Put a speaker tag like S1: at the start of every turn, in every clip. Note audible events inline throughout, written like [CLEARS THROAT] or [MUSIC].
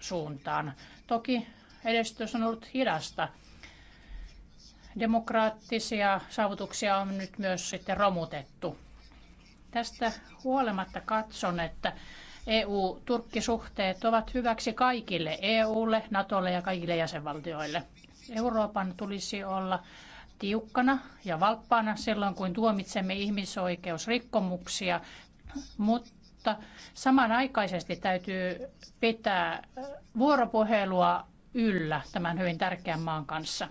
S1: suuntaan. Toki edistys on ollut hidasta. Demokraattisia saavutuksia on nyt myös sitten romutettu. Tästä huolimatta katson, että EU-Turkki-suhteet ovat hyväksi kaikille EUlle, Natolle ja kaikille jäsenvaltioille. Euroopan tulisi olla tiukkana ja valppaana silloin, kun tuomitsemme ihmisoikeusrikkomuksia, mutta mutta samanaikaisesti täytyy pitää äh, vuoropuhelua yllä tämän hyvin tärkeän maan kanssa.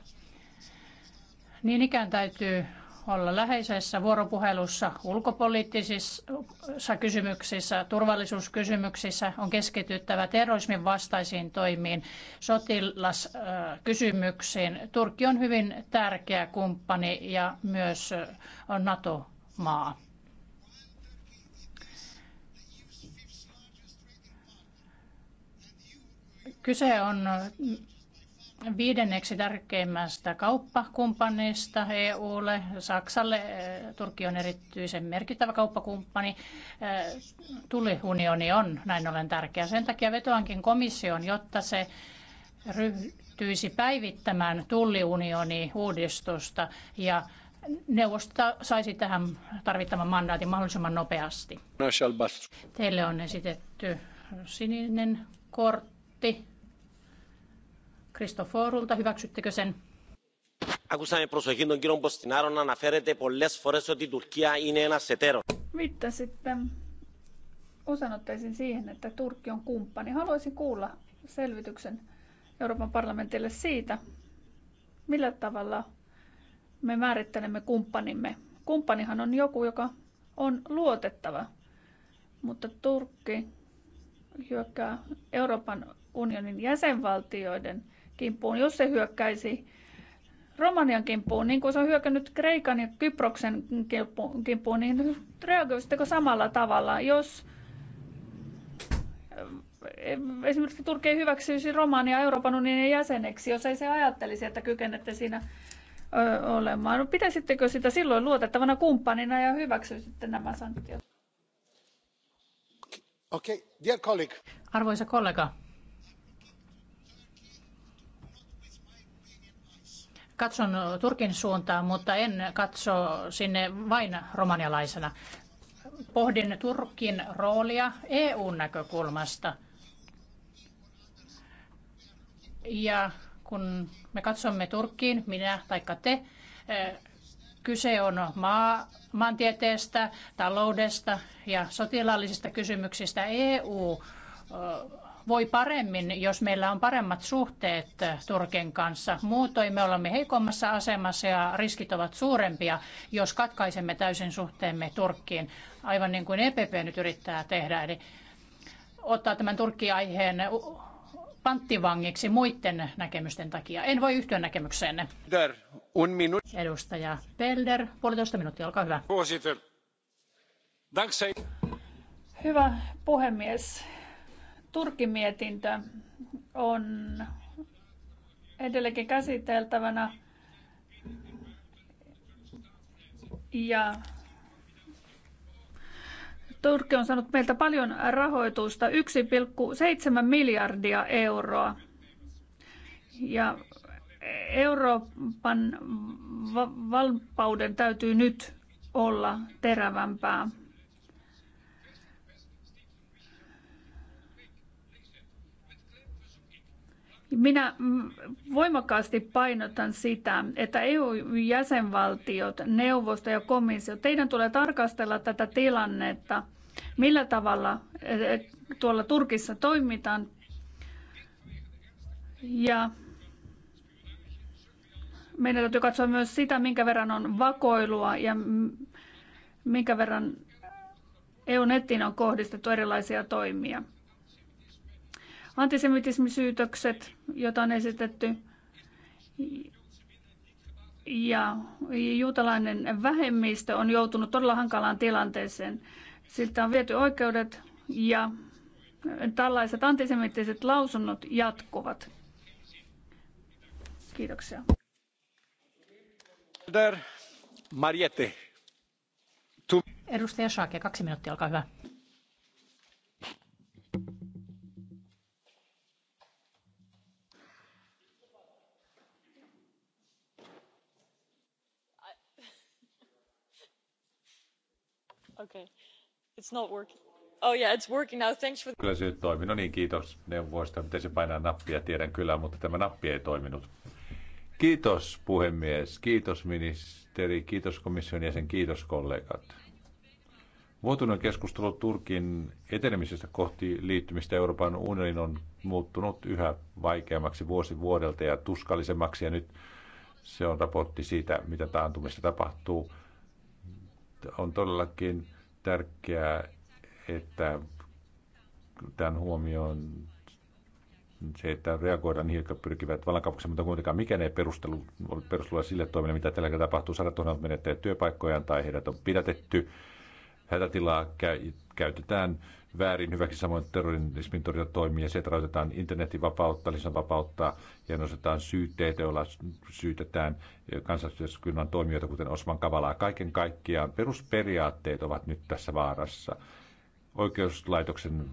S1: Niin ikään täytyy olla läheisessä vuoropuhelussa ulkopoliittisissa kysymyksissä, turvallisuuskysymyksissä, on keskityttävä terrorismin vastaisiin toimiin, sotilaskysymyksiin. Turkki on hyvin tärkeä kumppani ja myös äh, on NATO-maa. Kyse on mm, viidenneksi tärkeimmästä kauppakumppanista EUlle. Saksalle eh, Turkki on erityisen merkittävä kauppakumppani. Eh, tulliunioni on näin ollen tärkeä. Sen takia vetoankin komission, jotta se ryhtyisi päivittämään tulliunioni uudistusta ja neuvosta saisi tähän tarvittavan mandaatin mahdollisimman nopeasti. Teille on esitetty sininen kortti. Χριστοφόρουλta. Hyväksyttekö sen?
S2: Άκουσα
S3: με προσοχή τον κύριο Μποστινάρο να αναφέρεται πολλές φορές ότι η Τουρκία είναι ένας εταίρος.
S1: Viittasitte
S4: osanottaisin siihen, että Turkki on kumppani. Haluaisin kuulla selvityksen Euroopan parlamentille siitä, millä tavalla me määrittelemme kumppanimme. Kumppanihan on joku, joka on luotettava, mutta Turkki hyökkää Euroopan unionin jäsenvaltioiden – kimppuun, jos se hyökkäisi Romanian kimppuun, niin kuin se on hyökännyt Kreikan ja Kyproksen kimppuun, niin reagoisitteko samalla tavalla, jos eh, esimerkiksi Turkki hyväksyisi Romania Euroopan unionin jäseneksi, jos ei se ajattelisi, että kykenette siinä olemaan. No, pitäisittekö sitä silloin luotettavana kumppanina ja hyväksyisitte nämä sanktiot?
S2: Okay, dear colleague.
S1: Arvoisa kollega, katson Turkin suuntaan, mutta en katso sinne vain romanialaisena. Pohdin Turkin roolia EUn näkökulmasta. Ja kun me katsomme Turkkiin, minä tai te, eh, kyse on maa, maantieteestä, taloudesta ja sotilaallisista kysymyksistä. EU eh, voi paremmin, jos meillä on paremmat suhteet Turkin kanssa. Muutoin me olemme heikommassa asemassa ja riskit ovat suurempia, jos katkaisemme täysin suhteemme Turkkiin, aivan niin kuin EPP nyt yrittää tehdä. Eli ottaa tämän Turkki-aiheen panttivangiksi muiden näkemysten takia. En voi yhtyä näkemykseenne. un Edustaja Pelder, puolitoista minuuttia, olkaa hyvä.
S4: Hyvä puhemies. Turkin mietintö on edelleenkin käsiteltävänä. Ja Turkki on saanut meiltä paljon rahoitusta, 1,7 miljardia euroa. Ja Euroopan valppauden täytyy nyt olla terävämpää. Minä mm, voimakkaasti painotan sitä, että EU-jäsenvaltiot, neuvosto ja komissio, teidän tulee tarkastella tätä tilannetta, millä tavalla eh, eh, tuolla Turkissa toimitaan. Ja meidän täytyy katsoa myös sitä, minkä verran on vakoilua ja minkä verran EU-nettiin on kohdistettu erilaisia toimia antisemitismisyytökset, joita on esitetty, ja juutalainen vähemmistö on joutunut todella hankalaan tilanteeseen. Siltä on viety oikeudet ja tällaiset antisemittiset lausunnot
S1: jatkuvat. Kiitoksia.
S2: Mariette.
S1: Edustaja Schake, kaksi minuuttia, olkaa hyvä
S4: Okay. It's not working. Oh yeah, it's working now. Thanks for...
S2: Kyllä se nyt toimi. No niin, kiitos neuvoista. Miten se painaa nappia, tiedän kyllä, mutta tämä nappi ei toiminut. Kiitos puhemies, kiitos ministeri, kiitos komission jäsen, kiitos kollegat. Vuotuinen keskustelu Turkin etenemisestä kohti liittymistä Euroopan unioniin on muuttunut yhä vaikeammaksi vuosi vuodelta ja tuskallisemmaksi. Ja nyt se on raportti siitä, mitä taantumista tapahtuu on todellakin tärkeää, että tämän huomioon se, että reagoidaan niihin, jotka pyrkivät vallankaupukseen, mutta kuitenkaan mikä ei perustelu, perustella sille toiminnalle, mitä tällä hetkellä tapahtuu. Sadat on menettäjät työpaikkojaan tai heidät on pidätetty hätätilaa käytetään väärin hyväksi, samoin terrorismin toimia, sieltä rajoitetaan internetin vapautta, lisän vapautta ja nostetaan syytteitä, joilla syytetään kansallisyhteiskunnan toimijoita, kuten Osman Kavalaa. Kaiken kaikkiaan perusperiaatteet ovat nyt tässä vaarassa. Oikeuslaitoksen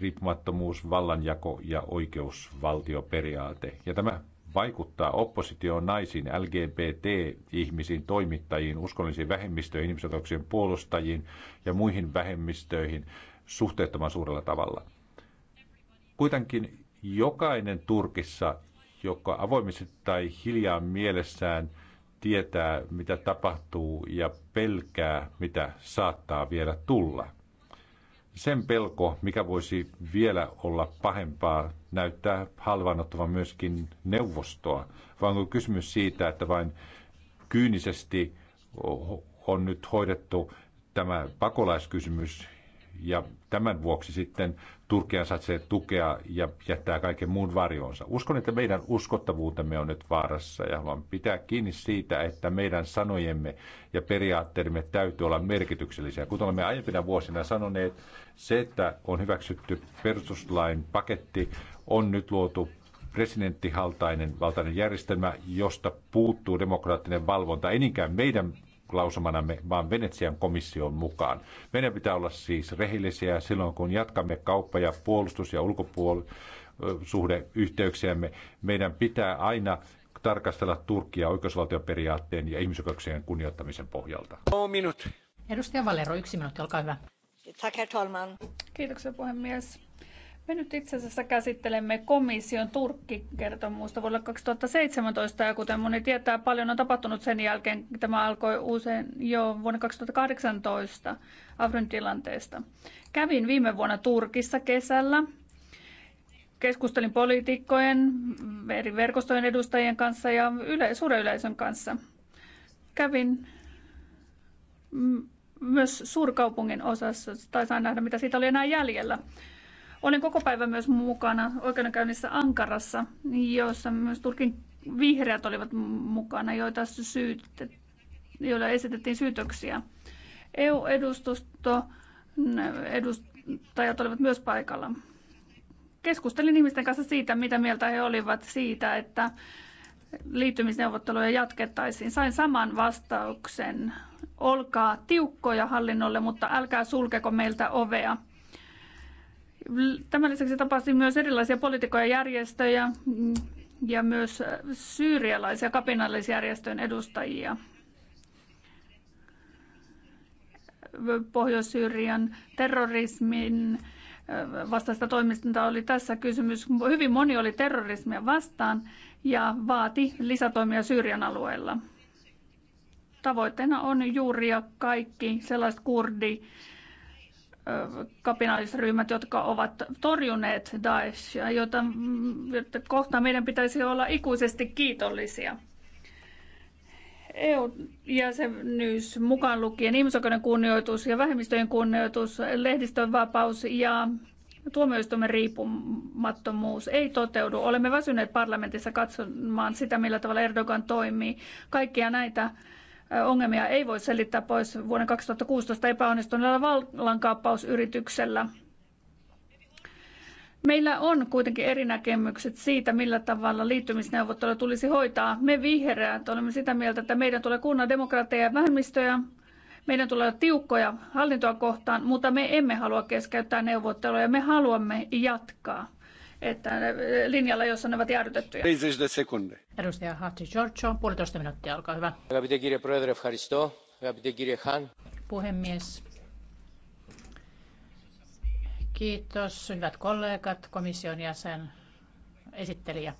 S2: riippumattomuus, vallanjako ja oikeusvaltioperiaate. Ja tämä vaikuttaa oppositioon naisiin, LGBT-ihmisiin, toimittajiin, uskonnollisiin vähemmistöihin, ihmisoikeuksien puolustajiin ja muihin vähemmistöihin suhteettoman suurella tavalla. Kuitenkin jokainen Turkissa, joka avoimesti tai hiljaa mielessään tietää, mitä tapahtuu ja pelkää, mitä saattaa vielä tulla. Sen pelko, mikä voisi vielä olla pahempaa näyttää halvaannuttavan myöskin neuvostoa, vaan onko kysymys siitä, että vain kyynisesti on nyt hoidettu tämä pakolaiskysymys ja tämän vuoksi sitten Turkia satsee tukea ja jättää kaiken muun varjoonsa. Uskon, että meidän uskottavuutemme on nyt vaarassa ja haluan pitää kiinni siitä, että meidän sanojemme ja periaatteemme täytyy olla merkityksellisiä. Kuten olemme aiempina vuosina sanoneet, se, että on hyväksytty perustuslain paketti, on nyt luotu presidenttihaltainen valtainen järjestelmä, josta puuttuu demokraattinen valvonta, ei niinkään meidän lausumanamme, vaan Venetsian komission mukaan. Meidän pitää olla siis rehellisiä silloin, kun jatkamme kauppa- ja puolustus- ja ulkopuolisuhdeyhteyksiämme. Meidän pitää aina tarkastella Turkia oikeusvaltioperiaatteen ja ihmisoikeuksien kunnioittamisen pohjalta.
S1: No, minut. Edustaja Valero, yksi minuutti, olkaa hyvä.
S4: Tack, herr talman. Kiitoksia puhemies. Me nyt itse asiassa käsittelemme komission Turkki-kertomusta vuodelle 2017 ja kuten moni tietää, paljon on tapahtunut sen jälkeen. Tämä alkoi usein jo vuonna 2018 Afrin tilanteesta. Kävin viime vuonna Turkissa kesällä. Keskustelin poliitikkojen, eri verkostojen edustajien kanssa ja yle- suuren yleisön kanssa. Kävin myös suurkaupungin osassa, tai sain nähdä mitä siitä oli enää jäljellä. Olin koko päivän myös mukana oikeudenkäynnissä Ankarassa, jossa myös Turkin vihreät olivat mukana, joita syytet, joilla esitettiin syytöksiä. EU-edustusto edustajat olivat myös paikalla. Keskustelin ihmisten kanssa siitä, mitä mieltä he olivat siitä, että liittymisneuvotteluja jatkettaisiin. Sain saman vastauksen. Olkaa tiukkoja hallinnolle, mutta älkää sulkeko meiltä ovea. Tämän lisäksi tapasin myös erilaisia poliitikoja järjestöjä mm, ja myös äh, syyrialaisia kapinallisjärjestöjen edustajia. Pohjois-Syyrian terrorismin äh, vastaista toimistinta oli tässä kysymys. Hyvin moni oli terrorismia vastaan ja vaati lisätoimia Syyrian alueella. Tavoitteena on juuri ja kaikki sellaiset kurdi kapinallisryhmät, jotka ovat torjuneet Daeshia, jota, mm, kohta meidän pitäisi olla ikuisesti kiitollisia. EU-jäsenyys mukaan lukien ihmisoikeuden kunnioitus ja vähemmistöjen kunnioitus, lehdistön vapaus ja tuomioistuimen riippumattomuus ei toteudu. Olemme väsyneet parlamentissa katsomaan sitä, millä tavalla Erdogan toimii. Kaikkia näitä ongelmia ei voi selittää pois vuoden 2016 epäonnistuneella vallankaappausyrityksellä. Meillä on kuitenkin eri näkemykset siitä, millä tavalla liittymisneuvotteluja tulisi hoitaa. Me vihreät olemme sitä mieltä, että meidän tulee kunnan demokraatteja ja vähemmistöjä. Meidän tulee olla tiukkoja hallintoa kohtaan, mutta me emme halua keskeyttää neuvotteluja. Me haluamme jatkaa että
S1: linjalla, jossa ne ovat jäädytettyjä.
S5: 30 sekunde.
S1: Edustaja Hatti Giorgio, puolitoista minuuttia, olkaa hyvä. Puhemies, Kiitos, hyvät kollegat, komission jäsen, esittelijä.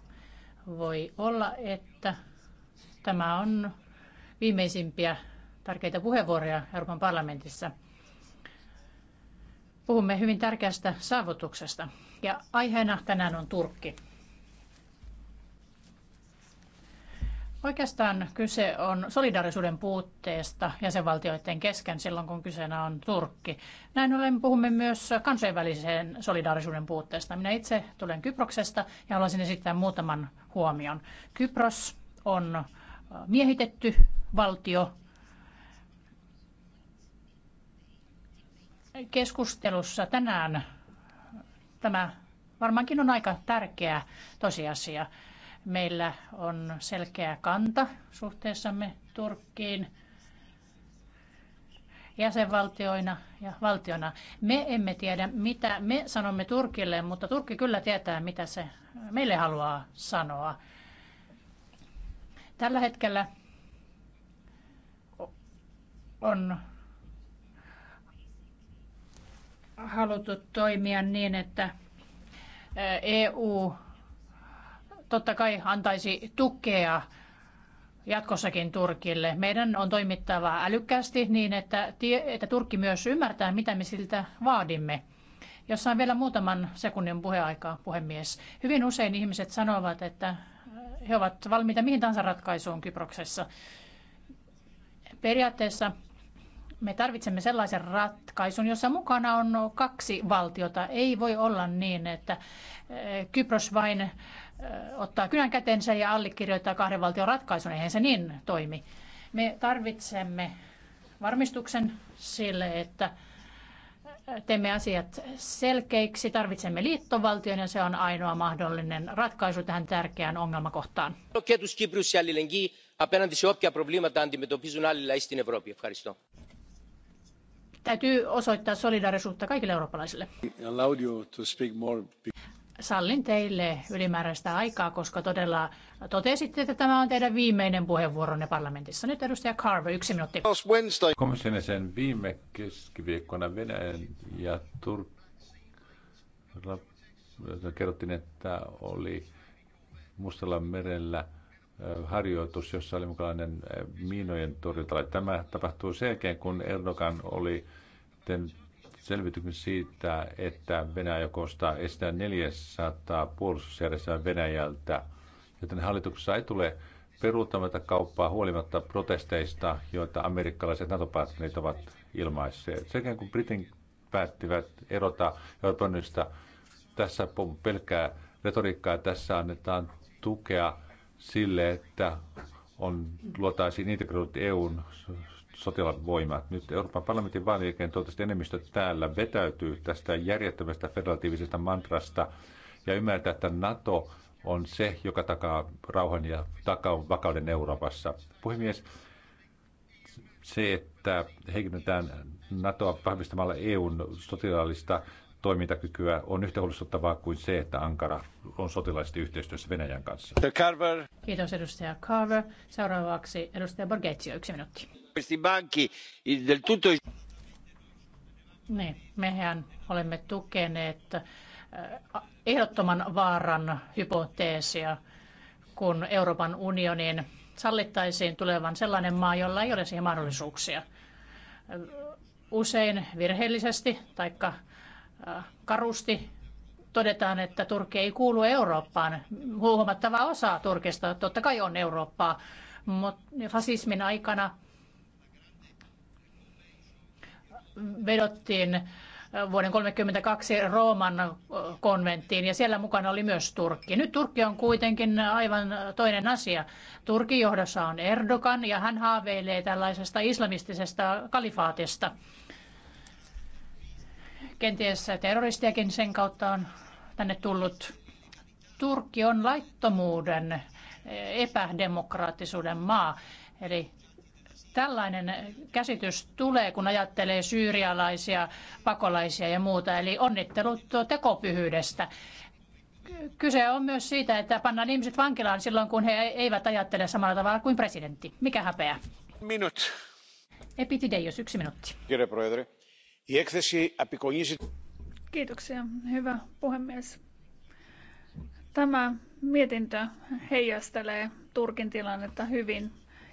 S1: Voi olla, että tämä on viimeisimpiä tärkeitä puheenvuoroja Euroopan parlamentissa. Puhumme hyvin tärkeästä saavutuksesta ja aiheena tänään on Turkki. Oikeastaan kyse on solidaarisuuden puutteesta jäsenvaltioiden kesken silloin, kun kyseenä on Turkki. Näin ollen puhumme myös kansainvälisen solidaarisuuden puutteesta. Minä itse tulen Kyproksesta ja haluaisin esittää muutaman huomion. Kypros on miehitetty valtio. Keskustelussa tänään Tämä varmaankin on aika tärkeä tosiasia. Meillä on selkeä kanta suhteessamme Turkkiin jäsenvaltioina ja valtiona. Me emme tiedä, mitä me sanomme Turkille, mutta Turkki kyllä tietää, mitä se meille haluaa sanoa. Tällä hetkellä on haluttu toimia niin, että EU totta kai antaisi tukea jatkossakin Turkille. Meidän on toimittava älykkäästi niin, että, että Turkki myös ymmärtää, mitä me siltä vaadimme. Jos on vielä muutaman sekunnin puheaikaa, puhemies. Hyvin usein ihmiset sanovat, että he ovat valmiita mihin tahansa ratkaisuun Kyproksessa. Periaatteessa me tarvitsemme sellaisen ratkaisun, jossa mukana on kaksi valtiota. Ei voi olla niin, että eh, Kypros vain eh, ottaa kynän kätensä ja allekirjoittaa kahden valtion ratkaisun. Eihän se niin toimi. Me tarvitsemme varmistuksen sille, että eh, teemme asiat selkeiksi. Tarvitsemme liittovaltion ja se on ainoa mahdollinen ratkaisu tähän tärkeään ongelmakohtaan.
S5: Kiitos τους ja σε αλληλεγγύη απέναντι σε όποια προβλήματα αντιμετωπίζουν άλλοι
S1: Täytyy osoittaa solidaarisuutta kaikille eurooppalaisille. Sallin teille ylimääräistä aikaa, koska todella totesitte, että tämä on teidän viimeinen puheenvuoronne parlamentissa. Nyt edustaja Carver, yksi minuutti.
S2: Komission sen viime keskiviikkona Venäjän ja Turkki kerrottiin, että oli Mustalla merellä – harjoitus, jossa oli mukainen miinojen torjunta. Tämä tapahtuu sen jälkeen, kun Erdogan oli selvityksen siitä, että Venäjä ostaa estää 400 puolustusjärjestelmää Venäjältä, joten hallituksessa ei tule peruuttamatta kauppaa huolimatta protesteista, joita amerikkalaiset NATO-päättäneet ovat ilmaisseet. Sekä kun Britin päättivät erota Euroopanista, tässä on retoriikkaa, tässä annetaan tukea sille, että on, luotaisiin integroidut EUn sotilaan Nyt Euroopan parlamentin vaalien toivottavasti enemmistö täällä vetäytyy tästä järjettömästä federatiivisesta mantrasta ja ymmärtää, että NATO on se, joka takaa rauhan ja takaa vakauden Euroopassa. Puhemies, se, että heikennetään NATOa vahvistamalla EUn sotilaallista toimintakykyä on yhtä huolestuttavaa kuin se, että Ankara on sotilaisesti yhteistyössä Venäjän kanssa. The Carver.
S1: Kiitos edustaja Carver. Seuraavaksi edustaja Borgetsio, yksi minuutti. Niin, mehän olemme tukeneet äh, ehdottoman vaaran hypoteesia, kun Euroopan unionin sallittaisiin tulevan sellainen maa, jolla ei ole siihen mahdollisuuksia. Äh, usein virheellisesti tai Äh, karusti todetaan, että Turkki ei kuulu Eurooppaan. Huomattava osa Turkista totta kai on Eurooppaa, mutta fasismin aikana vedottiin vuoden 1932 Rooman konventtiin ja siellä mukana oli myös Turkki. Nyt Turkki on kuitenkin aivan toinen asia. Turkin johdossa on Erdogan ja hän haaveilee tällaisesta islamistisesta kalifaatista. Kenties terroristiakin sen kautta on tänne tullut. Turkki on laittomuuden, eh, epädemokraattisuuden maa. Eli tällainen käsitys tulee, kun ajattelee syyrialaisia, pakolaisia ja muuta. Eli onnittelut tekopyhyydestä. Kyse on myös siitä, että pannaan ihmiset vankilaan silloin, kun he eivät ajattele samalla tavalla kuin presidentti. Mikä häpeä? Minut. Epitideios, yksi minuutti.
S2: Kiire,
S4: Kiitoksia, hyvä puhemies. Tämä mietintö heijastelee Turkin tilannetta hyvin.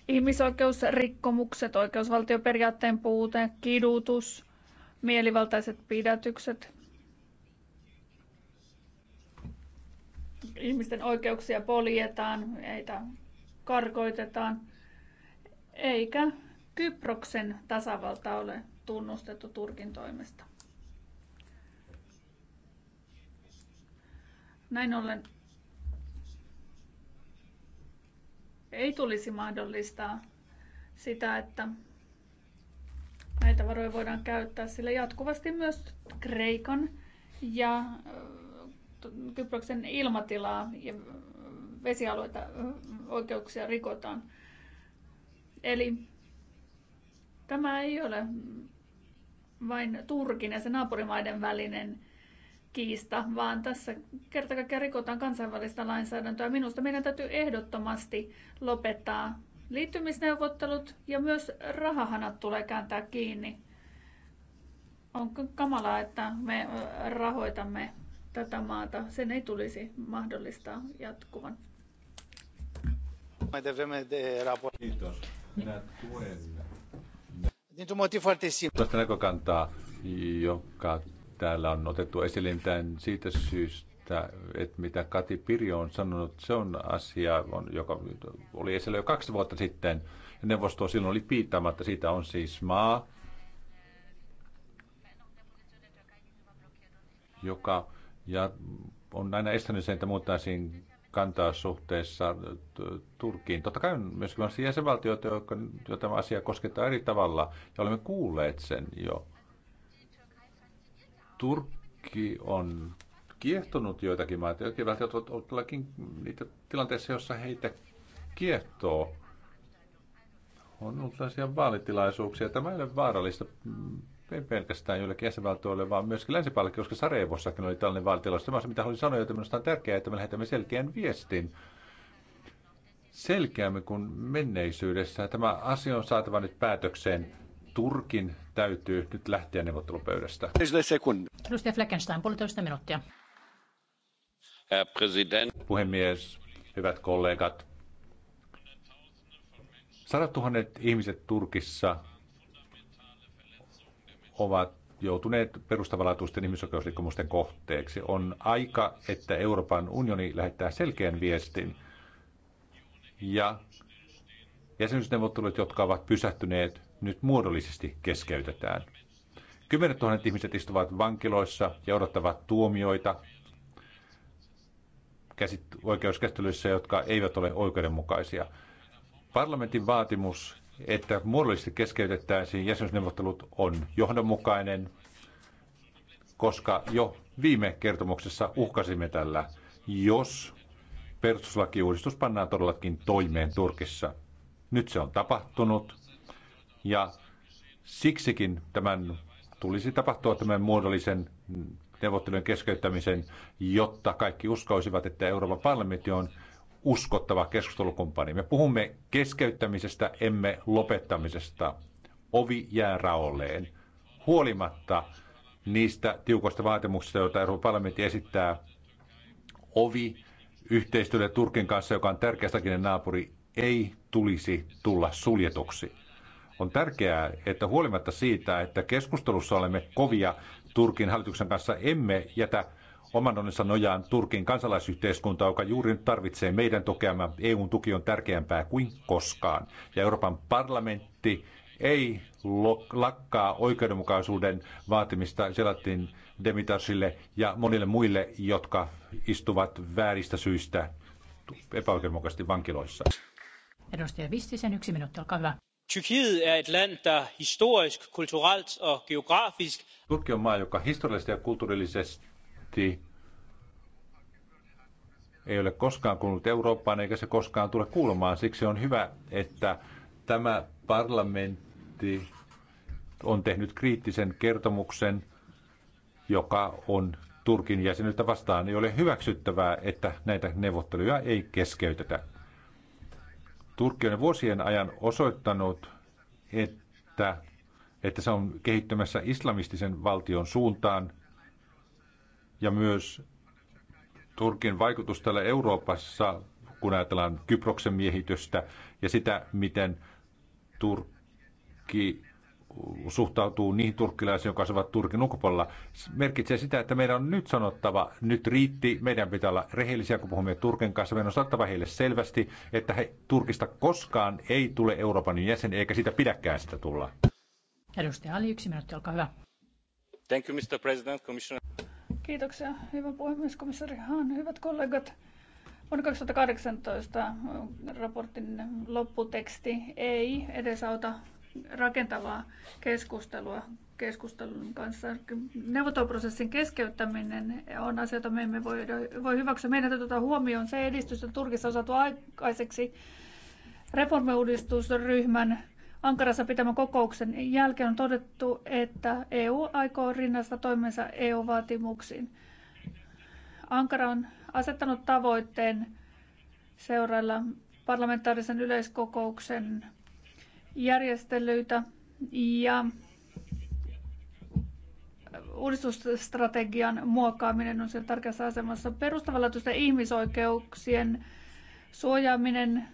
S4: Ihmisoikeusrikkomukset, oikeusvaltioperiaatteen puute, kidutus, mielivaltaiset pidätykset, ihmisten oikeuksia poljetaan, heitä karkoitetaan, eikä Kyproksen tasavalta ole tunnustettu Turkin toimesta. Näin ollen ei tulisi mahdollistaa sitä, että näitä varoja voidaan käyttää, sillä jatkuvasti myös Kreikan ja Kyproksen ilmatilaa ja vesialueita oikeuksia rikotaan. Eli tämä ei ole vain Turkin ja sen naapurimaiden välinen kiista, vaan tässä kertakaikkiaan rikotaan kansainvälistä lainsäädäntöä. Minusta meidän täytyy ehdottomasti lopettaa liittymisneuvottelut ja myös rahahanat tulee kääntää kiinni. On kamalaa, että me rahoitamme tätä maata. Sen ei tulisi mahdollistaa jatkuvan.
S2: Kiitos. Minä tuen Tästä näkökantaa, joka täällä on otettu esille, mitään siitä syystä, että mitä Kati Pirjo on sanonut, se on asia, joka oli esillä jo kaksi vuotta sitten. Ja neuvosto silloin oli piittaamatta, siitä on siis maa, joka ja on aina estänyt sen, että muuttaisiin kantaa suhteessa äh, Turkkiin. Totta kai on myös jäsenvaltioita, joita tämä asia koskettaa eri tavalla, ja olemme kuulleet sen jo. Turkki on kiehtonut joitakin maita, joitakin valtiot ovat olleet niitä tilanteessa, jossa heitä kiehtoo. On ollut tällaisia vaalitilaisuuksia. Tämä ei ole vaarallista ei pelkästään joillekin jäsenvaltioille, vaan myöskin länsipalkki, koska Sarajevossakin oli tällainen valtiolla. Tämä on se, mitä haluaisin sanoa, että minusta on tärkeää, että me lähetämme selkeän viestin selkeämmin kuin menneisyydessä. Tämä asia on saatava nyt päätökseen. Turkin täytyy nyt lähteä neuvottelupöydästä.
S1: Edustaja Fleckenstein, puolitoista minuuttia.
S2: Puhemies, hyvät kollegat. Sadat tuhannet ihmiset Turkissa ovat joutuneet perustavanlaatuisten ihmisoikeusrikkomusten kohteeksi. On aika, että Euroopan unioni lähettää selkeän viestin ja jäsenyysneuvottelut, jotka ovat pysähtyneet, nyt muodollisesti keskeytetään. Kymmenet tuhannet ihmiset istuvat vankiloissa ja odottavat tuomioita oikeuskäsittelyissä, jotka eivät ole oikeudenmukaisia. Parlamentin vaatimus että muodollisesti keskeytettäisiin jäsenyysneuvottelut on johdonmukainen, koska jo viime kertomuksessa uhkasimme tällä, jos perustuslakiuudistus pannaan todellakin toimeen Turkissa. Nyt se on tapahtunut ja siksikin tämän tulisi tapahtua tämän muodollisen neuvottelujen keskeyttämisen, jotta kaikki uskoisivat, että Euroopan parlamentti on uskottava keskustelukumppani. Me puhumme keskeyttämisestä, emme lopettamisesta. Ovi jää raolleen. Huolimatta niistä tiukoista vaatimuksista, joita Euroopan parlamentti esittää, ovi yhteistyölle Turkin kanssa, joka on tärkeästäkin naapuri, ei tulisi tulla suljetuksi. On tärkeää, että huolimatta siitä, että keskustelussa olemme kovia Turkin hallituksen kanssa, emme jätä oman onnensa nojaan Turkin kansalaisyhteiskunta, joka juuri nyt tarvitsee meidän tukeamme. EUn tuki on tärkeämpää kuin koskaan. Ja Euroopan parlamentti ei lakkaa oikeudenmukaisuuden vaatimista Selatin Demitasille ja monille muille, jotka istuvat vääristä syistä epäoikeudenmukaisesti vankiloissa.
S1: Edustaja Vistisen yksi minuutti, olkaa hyvä.
S2: Tyrkiet er et land, der historisk, kulturelt og geografisk... Turkki on maa, joka historiallisesti ja kulttuurillisesti ei ole koskaan kuulunut Eurooppaan eikä se koskaan tule kuulumaan. Siksi on hyvä, että tämä parlamentti on tehnyt kriittisen kertomuksen, joka on Turkin jäsenyyttä vastaan. Ei ole hyväksyttävää, että näitä neuvotteluja ei keskeytetä. Turkki on vuosien ajan osoittanut, että, että se on kehittymässä islamistisen valtion suuntaan ja myös Turkin vaikutus täällä Euroopassa, kun ajatellaan Kyproksen miehitystä ja sitä, miten Turkki suhtautuu niihin turkkilaisiin, jotka asuvat Turkin ulkopuolella, merkitsee sitä, että meidän on nyt sanottava, nyt riitti, meidän pitää olla rehellisiä, kun puhumme Turkin kanssa. Meidän on sanottava heille selvästi, että he, Turkista koskaan ei tule Euroopan jäsen, eikä sitä pidäkään sitä tulla.
S1: Edustaja Ali, yksi minuutti, olkaa hyvä.
S2: Thank you, Mr. President, Commissioner.
S4: Kiitoksia, hyvä puhemies, komissaari Hahn, hyvät kollegat. Vuonna 2018 raportin lopputeksti ei edesauta rakentavaa keskustelua keskustelun kanssa. Neuvotteluprosessin keskeyttäminen on asia, jota me emme voi, voi hyväksyä. Meidän täytyy ottaa huomioon se edistys, että Turkissa on saatu aikaiseksi reformiuudistusryhmän Ankarassa pitämän kokouksen jälkeen on todettu, että EU aikoo rinnasta toimensa EU-vaatimuksiin. Ankara on asettanut tavoitteen seurailla parlamentaarisen yleiskokouksen järjestelyitä ja uudistusstrategian muokkaaminen on siellä tärkeässä asemassa. Perustavanlaatuisten ihmisoikeuksien suojaaminen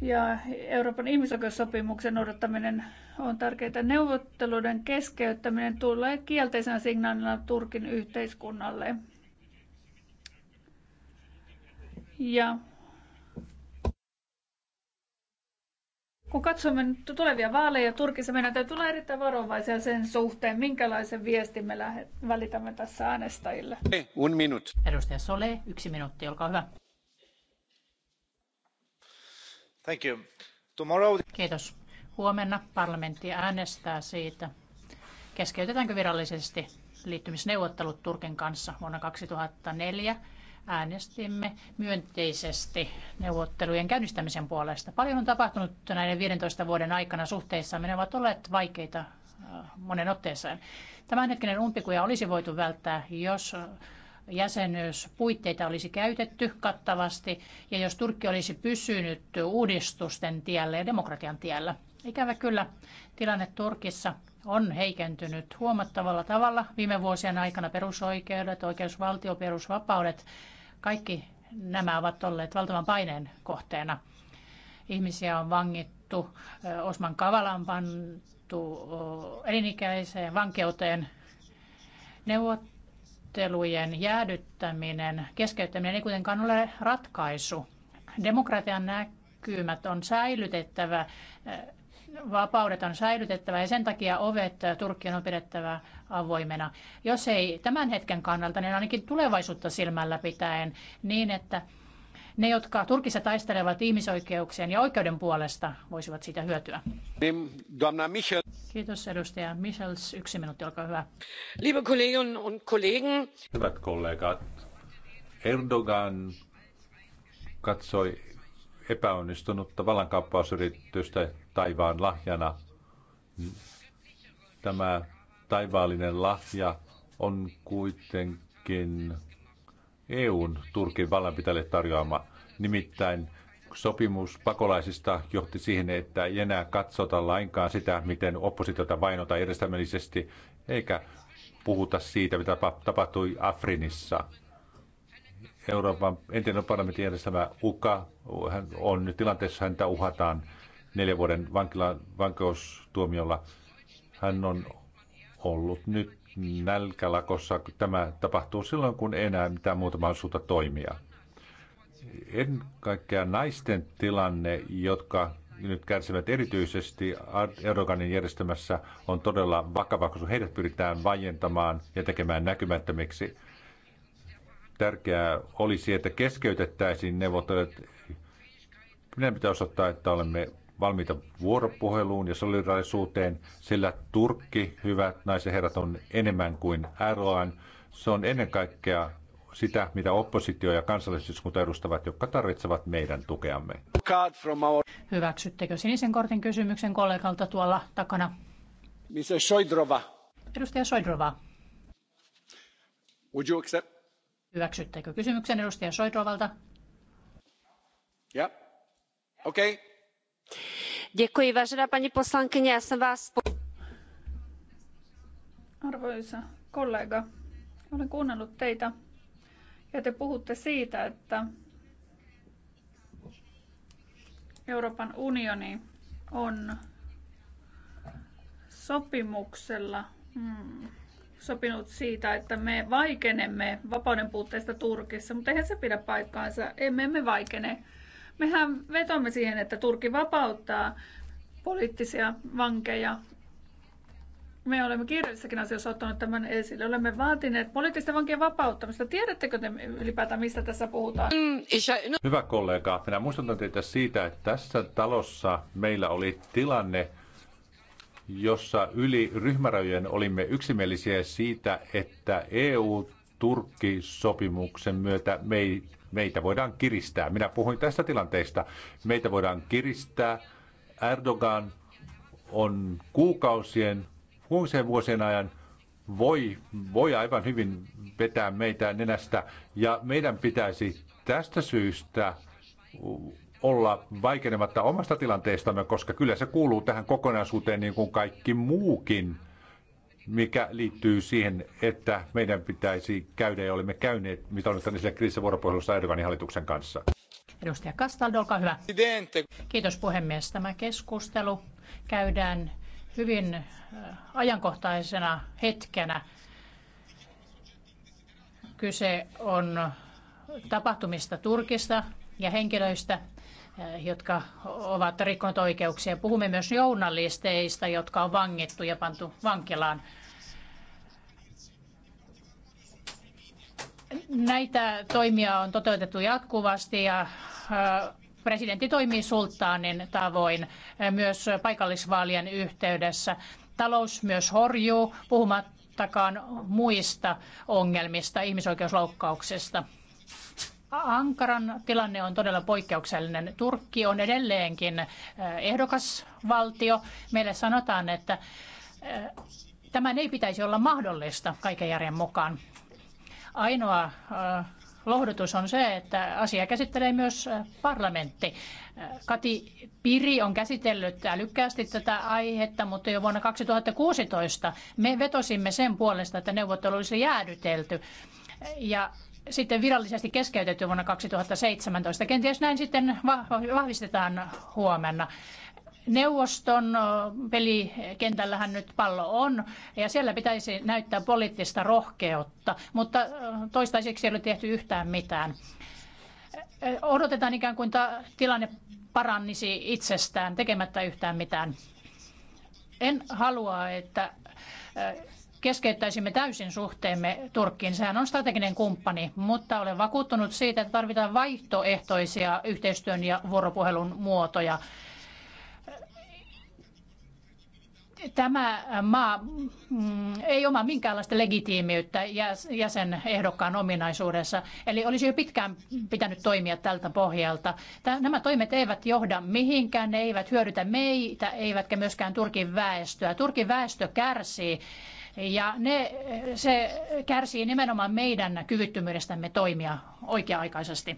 S4: ja Euroopan ihmisoikeussopimuksen noudattaminen on tärkeää. Neuvotteluiden keskeyttäminen tulee kielteisenä signaalina Turkin yhteiskunnalle. Ja kun katsomme nyt tulevia vaaleja Turkissa, meidän täytyy olla erittäin varovaisia sen suhteen, minkälaisen viestin me lähet, välitämme tässä äänestäjille.
S2: Un minut.
S1: Edustaja Sole, yksi minuutti, olkaa hyvä. Kiitos. Huomenna parlamentti äänestää siitä, keskeytetäänkö virallisesti liittymisneuvottelut Turkin kanssa vuonna 2004. Äänestimme myönteisesti neuvottelujen käynnistämisen puolesta. Paljon on tapahtunut näiden 15 vuoden aikana suhteissa. Ne ovat olleet vaikeita äh, monen otteeseen. Tämänhetkinen umpikuja olisi voitu välttää, jos jäsenyyspuitteita olisi käytetty kattavasti ja jos Turkki olisi pysynyt uudistusten tiellä ja demokratian tiellä. Ikävä kyllä tilanne Turkissa on heikentynyt huomattavalla tavalla viime vuosien aikana perusoikeudet, oikeusvaltio, perusvapaudet, kaikki nämä ovat olleet valtavan paineen kohteena. Ihmisiä on vangittu, Osman Kavalan pantu elinikäiseen vankeuteen. Neuvot neuvottelujen jäädyttäminen, keskeyttäminen ei kuitenkaan ole ratkaisu. Demokratian näkymät on säilytettävä, vapaudet on säilytettävä ja sen takia ovet Turkkiin on pidettävä avoimena. Jos ei tämän hetken kannalta, niin ainakin tulevaisuutta silmällä pitäen niin, että ne, jotka Turkissa taistelevat ihmisoikeuksien ja oikeuden puolesta, voisivat siitä hyötyä. Kiitos edustaja Michels. Yksi minuutti, olkaa hyvä. Liebe Kolleginnen und Kollegen.
S2: Hyvät kollegat, Erdogan katsoi epäonnistunutta vallankaappausyritystä taivaan lahjana. Tämä taivaallinen lahja on kuitenkin EUn Turkin vallanpitäjille tarjoama. Nimittäin sopimus pakolaisista johti siihen, että ei enää katsota lainkaan sitä, miten oppositiota vainota järjestelmällisesti, eikä puhuta siitä, mitä tapahtui Afrinissa. Euroopan entinen parlamentin järjestämä UKA hän on nyt tilanteessa, häntä uhataan neljän vuoden vankila, vankeustuomiolla. Hän on ollut nyt nälkälakossa. Tämä tapahtuu silloin, kun ei enää mitään muuta mahdollisuutta toimia. En kaikkea naisten tilanne, jotka nyt kärsivät erityisesti Erdoganin järjestämässä, on todella vakava, koska heidät pyritään vajentamaan ja tekemään näkymättömiksi. Tärkeää olisi, että keskeytettäisiin neuvottelut. Meidän pitää osoittaa, että olemme valmiita vuoropuheluun ja solidaarisuuteen, sillä Turkki, hyvät naiset herrat, on enemmän kuin Erdogan. Se on ennen kaikkea sitä, mitä oppositio ja kansallisyyskunta edustavat, jotka tarvitsevat meidän tukeamme.
S1: Hyväksyttekö sinisen kortin kysymyksen kollegalta tuolla takana?
S2: Mr. Soidrova.
S1: Edustaja Soidrova. Would you accept? Hyväksyttekö kysymyksen edustaja
S3: Soidrovalta?
S2: Yeah. Okay
S3: paní poslankyně já jsem vás.
S4: arvoisa kollega olen kuunnellut teitä ja te puhutte siitä että euroopan unioni on sopimuksella mm, sopinut siitä, että me vaikenemme vapauden puutteesta Turkissa, mutta eihän se pidä paikkaansa. Emme me vaikene Mehän vetomme siihen, että Turkki vapauttaa poliittisia vankeja. Me olemme kirjallisessakin asioissa ottaneet tämän esille. Olemme vaatineet poliittisten vankien vapauttamista. Tiedättekö te ylipäätään, mistä tässä puhutaan?
S2: Mm, Hyvä kollega, minä muistutan teitä siitä, että tässä talossa meillä oli tilanne, jossa yli ryhmärajojen olimme yksimielisiä siitä, että EU-Turkki-sopimuksen myötä me ei Meitä voidaan kiristää. Minä puhuin tästä tilanteesta. Meitä voidaan kiristää. Erdogan on kuukausien, kuusien vuosien ajan voi, voi aivan hyvin vetää meitä nenästä. Ja meidän pitäisi tästä syystä olla vaikenematta omasta tilanteestamme, koska kyllä se kuuluu tähän kokonaisuuteen niin kuin kaikki muukin mikä liittyy siihen, että meidän pitäisi käydä ja olemme käyneet, mitä olemme tänne sillä kriisissä vuoropuhelussa Erdoganin hallituksen kanssa.
S1: Edustaja Kastaldo, olkaa hyvä. Kiitos puhemies. Tämä keskustelu käydään hyvin ajankohtaisena hetkenä. Kyse on tapahtumista Turkista ja henkilöistä, jotka ovat rikkoneet oikeuksia. Puhumme myös journalisteista, jotka on vangittu ja pantu vankilaan. Näitä toimia on toteutettu jatkuvasti ja äh, presidentti toimii sulttaanin tavoin äh, myös paikallisvaalien yhteydessä. Talous myös horjuu, puhumattakaan muista ongelmista, ihmisoikeusloukkauksista. Ankaran tilanne on todella poikkeuksellinen. Turkki on edelleenkin äh, ehdokasvaltio. Meille sanotaan, että tämän ei pitäisi olla mahdollista kaiken järjen mukaan. Ainoa äh, lohdutus on se, että asia käsittelee myös äh, parlamentti. Äh, Kati Piri on käsitellyt älykkäästi tätä aihetta, mutta jo vuonna 2016 me vetosimme sen puolesta, että neuvottelu olisi jäädytelty. Ja sitten virallisesti keskeytetty vuonna 2017. Kenties näin sitten vahvistetaan huomenna. Neuvoston pelikentällähän nyt pallo on, ja siellä pitäisi näyttää poliittista rohkeutta, mutta toistaiseksi ei ole tehty yhtään mitään. Odotetaan ikään kuin tilanne parannisi itsestään tekemättä yhtään mitään. En halua, että keskeyttäisimme täysin suhteemme Turkkiin. Sehän on strateginen kumppani, mutta olen vakuuttunut siitä, että tarvitaan vaihtoehtoisia yhteistyön ja vuoropuhelun muotoja tämä äh, maa mm, ei oma minkäänlaista legitiimiyttä jäsenehdokkaan ominaisuudessa, eli olisi jo pitkään pitänyt toimia tältä pohjalta. Nämä toimet eivät johda mihinkään, ne eivät hyödytä meitä, eivätkä myöskään Turkin väestöä. Turkin väestö kärsii ja ne, se kärsii nimenomaan meidän kyvyttömyydestämme toimia oikea-aikaisesti.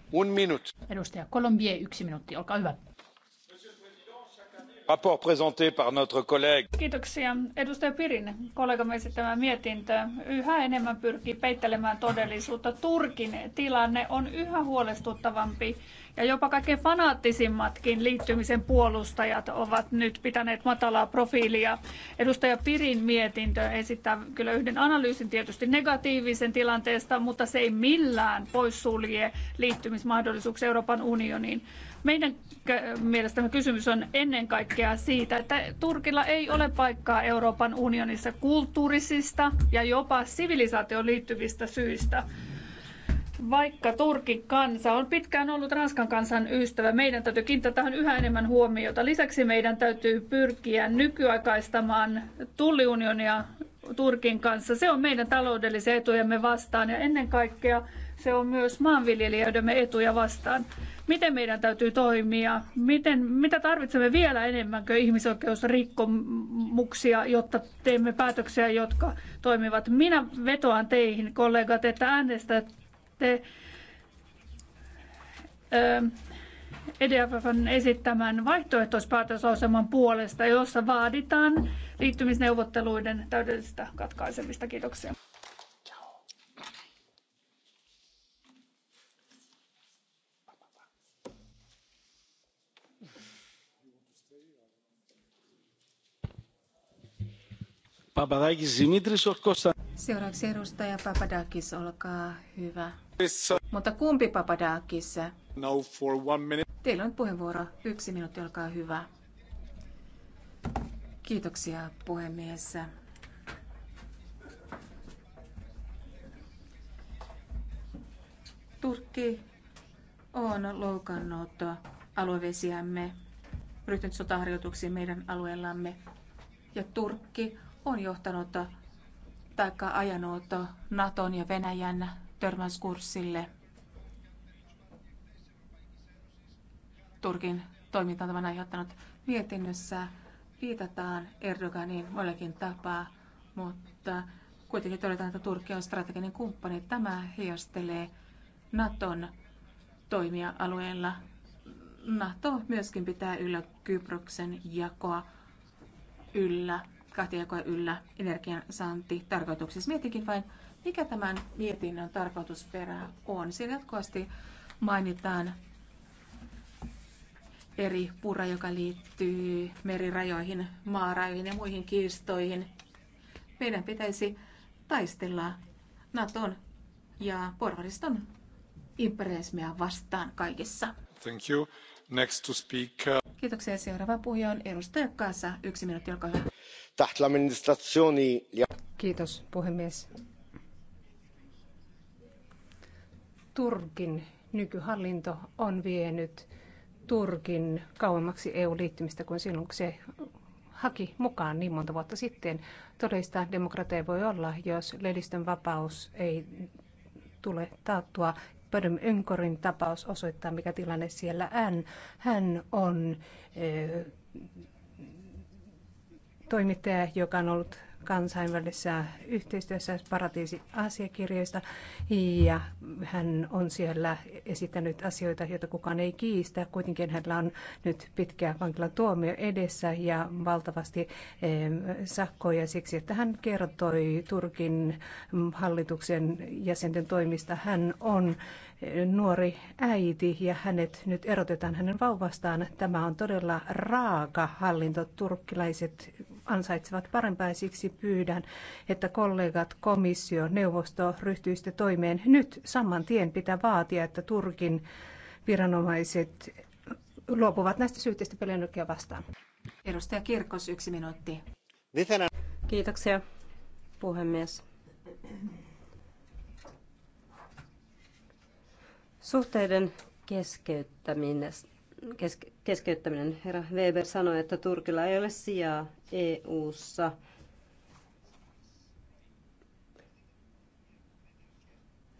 S1: Edustaja Colombier, yksi minuutti, olkaa hyvä
S5: rapport présenté par notre collègue.
S4: Kiitoksia. Edustaja Pirin, kollegamme esittämä mietintö, yhä enemmän pyrkii peittelemään todellisuutta. Turkin tilanne on yhä huolestuttavampi ja jopa kaikkein fanaattisimmatkin liittymisen puolustajat ovat nyt pitäneet matalaa profiilia. Edustaja Pirin mietintö esittää kyllä yhden analyysin tietysti negatiivisen tilanteesta, mutta se ei millään poissulje liittymismahdollisuuksia Euroopan unioniin. Meidän mielestämme kysymys on ennen kaikkea siitä, että Turkilla ei ole paikkaa Euroopan unionissa kulttuurisista ja jopa sivilisaatioon liittyvistä syistä. Vaikka Turkin kansa on pitkään ollut Ranskan kansan ystävä, meidän täytyy kiinnittää tähän yhä enemmän huomiota. Lisäksi meidän täytyy pyrkiä nykyaikaistamaan tulliunionia Turkin kanssa. Se on meidän taloudellisia etujemme vastaan ja ennen kaikkea se on myös maanviljelijöidemme etuja vastaan. Miten meidän täytyy toimia? Miten, mitä tarvitsemme vielä enemmänkö ihmisoikeusrikkomuksia, jotta teemme päätöksiä, jotka toimivat? Minä vetoan teihin, kollegat, että äänestätte ö, ähm, EDFFn esittämän vaihtoehtoispäätöslauselman puolesta, jossa vaaditaan liittymisneuvotteluiden täydellistä katkaisemista. Kiitoksia.
S5: Papadakis Dimitris Seuraavaksi edustaja Papadakis, olkaa hyvä. Mutta kumpi Papadakis?
S2: No, for one minute.
S5: Teillä on puheenvuoro. Yksi minuutti, olkaa hyvä. Kiitoksia puhemies. Turkki on loukannut aluevesiämme, ryhtynyt sotaharjoituksiin meidän alueellamme. Ja Turkki on johtanut tai ajanut Naton ja Venäjän törmäyskurssille. Turkin toiminta on aiheuttanut mietinnössä. Viitataan Erdoganin molekin tapaa, mutta kuitenkin todetaan, että Turkki on strateginen kumppani. Tämä heijastelee Naton toimia alueella. NATO myöskin pitää yllä Kyproksen jakoa yllä kahtiajakoa yllä energian saanti tarkoituksessa. Mietinkin vain, mikä tämän mietinnön tarkoitusperä on. Siinä jatkuvasti mainitaan eri pura, joka liittyy merirajoihin, maarajoihin ja muihin kiistoihin. Meidän pitäisi taistella Naton ja porvariston imperialismia vastaan kaikissa.
S2: Thank you. Next to speak.
S5: Kiitoksia. Seuraava puhuja on edustaja Kaasa. Yksi minuutti, olkaa hyvä taħt Kiitos puhemies.
S6: Turkin nykyhallinto on vienyt Turkin kauemmaksi EU-liittymistä kuin silloin, kun se haki mukaan niin monta vuotta sitten. Todellista demokratia voi olla, jos lehdistön vapaus ei tule taattua. Pödöm Önkorin tapaus osoittaa, mikä tilanne siellä on. Hän on toimittaja, joka on ollut kansainvälisessä yhteistyössä paratiisiasiakirjoista ja hän on siellä esittänyt asioita, joita kukaan ei kiistä. Kuitenkin hänellä on nyt pitkä vankilan tuomio edessä ja valtavasti sakkoja siksi, että hän kertoi Turkin hallituksen jäsenten toimista. Hän on nuori äiti ja hänet nyt erotetaan hänen vauvastaan. Tämä on todella raaka hallinto. Turkkilaiset ansaitsevat parempaa siksi pyydän, että kollegat, komissio, neuvosto ryhtyisitte toimeen. Nyt saman tien pitää vaatia, että Turkin viranomaiset luopuvat näistä syytteistä pelienergiaa vastaan.
S3: Edustaja Kirkos, yksi minuutti. Kiitoksia, puhemies. Suhteiden keskeyttäminen, keske, keskeyttäminen. Herra Weber sanoi, että Turkilla ei ole sijaa EU:ssa.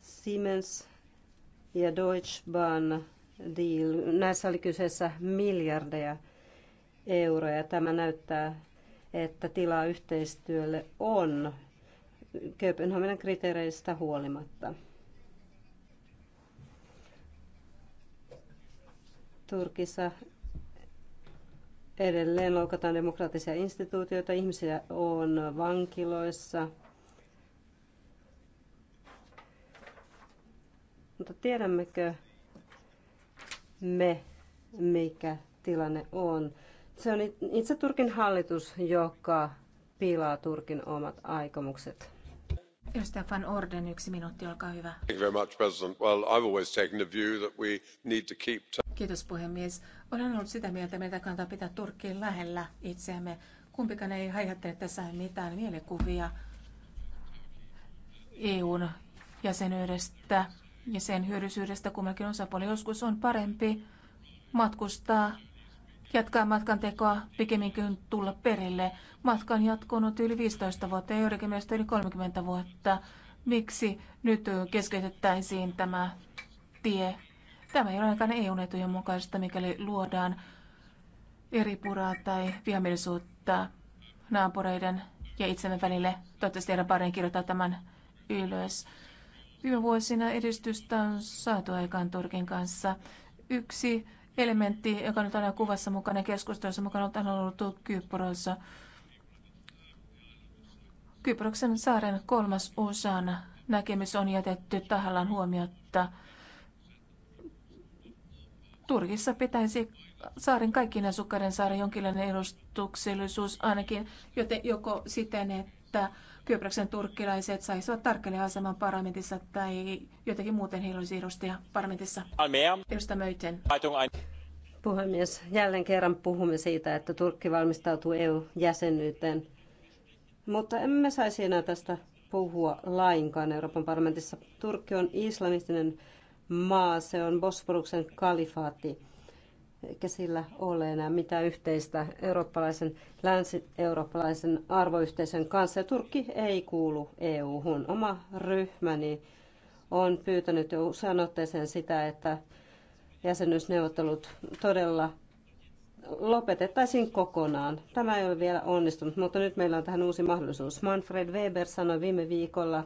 S3: Siemens ja Deutsche Bahn deal. Näissä oli kyseessä miljardeja euroja. Tämä näyttää, että tilaa yhteistyölle on Kööpenhaminan kriteereistä huolimatta. Turkissa edelleen loukataan demokraattisia instituutioita, ihmisiä on vankiloissa. Mutta tiedämmekö me, mikä tilanne on? Se on itse Turkin hallitus, joka piilaa Turkin omat aikomukset. Edustaja Van Orden, yksi minuutti, olkaa hyvä.
S2: Thank you very much, President. Well, I've always taken the view that we need to keep
S5: Kiitos puhemies. Olen ollut sitä mieltä, meidän kannattaa pitää Turkkiin lähellä itseämme. Kumpikaan ei haihattele tässä mitään mielikuvia EUn jäsenyydestä ja sen hyödyllisyydestä kummankin osapuoli. Joskus on parempi matkustaa, jatkaa matkan tekoa pikemmin kuin tulla perille. Matka on jatkunut yli 15 vuotta ja joidenkin mielestä yli 30 vuotta. Miksi nyt keskeytettäisiin tämä tie Tämä ei ole ainakaan EU-etujen mukaista, mikäli luodaan eri tai vihamielisuutta naapureiden ja itsemme välille. Toivottavasti Eero Baren kirjoittaa tämän ylös. Viime vuosina edistystä on saatu aikaan Turkin kanssa. Yksi elementti, joka nyt on aina kuvassa mukana keskustelussa mukana, on ollut Kyprossa. Kyproksen saaren kolmas osan näkemys on jätetty tahallaan huomiotta. Turkissa pitäisi saaren kaikkien asukkaiden saada jonkinlainen edustuksellisuus ainakin, joten joko siten, että Kyproksen turkkilaiset saisivat tarkkailijan aseman parlamentissa tai jotenkin muuten heillä olisi edustaja parlamentissa. Edustaja Möyten.
S3: Puhemies, jälleen kerran puhumme siitä, että Turkki valmistautuu EU-jäsenyyteen. Mutta emme saisi enää tästä puhua lainkaan Euroopan parlamentissa. Turkki on islamistinen maa, se on Bosforuksen kalifaatti, eikä sillä ole enää mitään yhteistä eurooppalaisen, länsi-eurooppalaisen arvoyhteisön kanssa. Ja Turkki ei kuulu EU-hun. Oma ryhmäni on pyytänyt jo usean otteeseen sitä, että jäsenyysneuvottelut todella lopetettaisiin kokonaan. Tämä ei ole vielä onnistunut, mutta nyt meillä on tähän uusi mahdollisuus. Manfred Weber sanoi viime viikolla,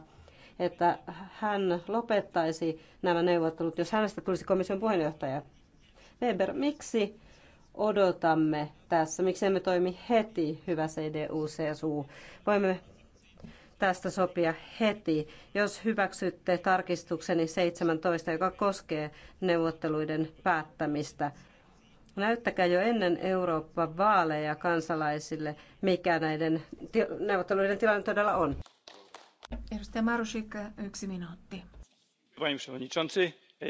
S3: että hän lopettaisi nämä neuvottelut, jos hänestä tulisi komission puheenjohtaja. Weber, miksi odotamme tässä? Miksi emme toimi heti, hyvä CDU-CSU? Voimme tästä sopia heti, jos hyväksytte tarkistukseni 17, joka koskee neuvotteluiden päättämistä. Näyttäkää jo ennen Euroopan vaaleja kansalaisille, mikä näiden neuvotteluiden tilanne todella on. Edustaja Marushik, yksi minuutti. E,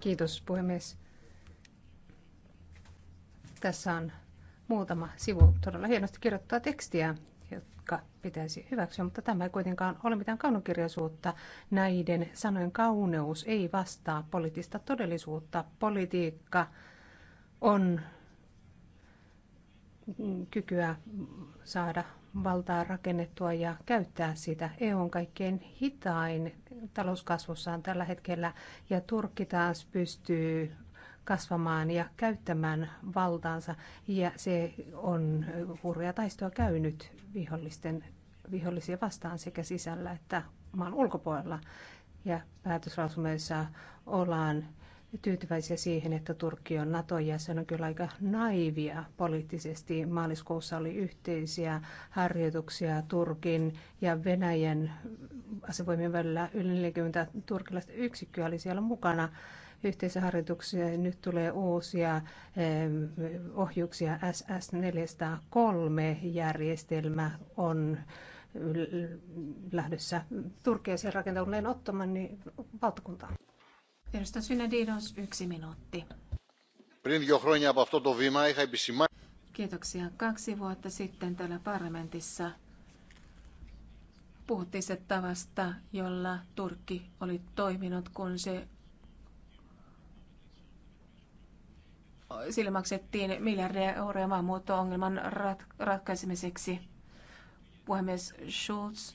S3: Kiitos
S6: puhemies. Tässä on muutama sivu todella hienosti kirjoittaa tekstiä, jotka pitäisi hyväksyä, mutta tämä ei kuitenkaan ole mitään kaunokirjaisuutta. Näiden sanojen kauneus ei vastaa poliittista todellisuutta. Politiikka on kykyä saada valtaa rakennettua ja käyttää sitä. EU on kaikkein hitain talouskasvussaan tällä hetkellä ja Turkki taas pystyy kasvamaan ja käyttämään valtaansa ja se on hurja taistoa käynyt vihollisten, vihollisia vastaan sekä sisällä että maan ulkopuolella. Ja päätöslausumeissa ollaan tyytyväisiä siihen, että Turkki on NATO-jäsen, on kyllä aika naivia poliittisesti. Maaliskuussa oli yhteisiä harjoituksia Turkin ja Venäjän asevoimien välillä. Yli 40 turkilaista yksikköä oli siellä mukana harjoituksia. Nyt tulee uusia eh, ohjuksia SS-403 järjestelmä on lähdössä Turkia sen rakentaa ottamaan niin valtakuntaan. Edustaja Synedidos,
S5: yksi minuutti. Kiitoksia. Kaksi vuotta sitten täällä parlamentissa puhuttiin se tavasta, jolla Turkki oli toiminut, kun se sille maksettiin miljardia euroja maahanmuutto-ongelman ratkaisemiseksi. Puhemies Schulz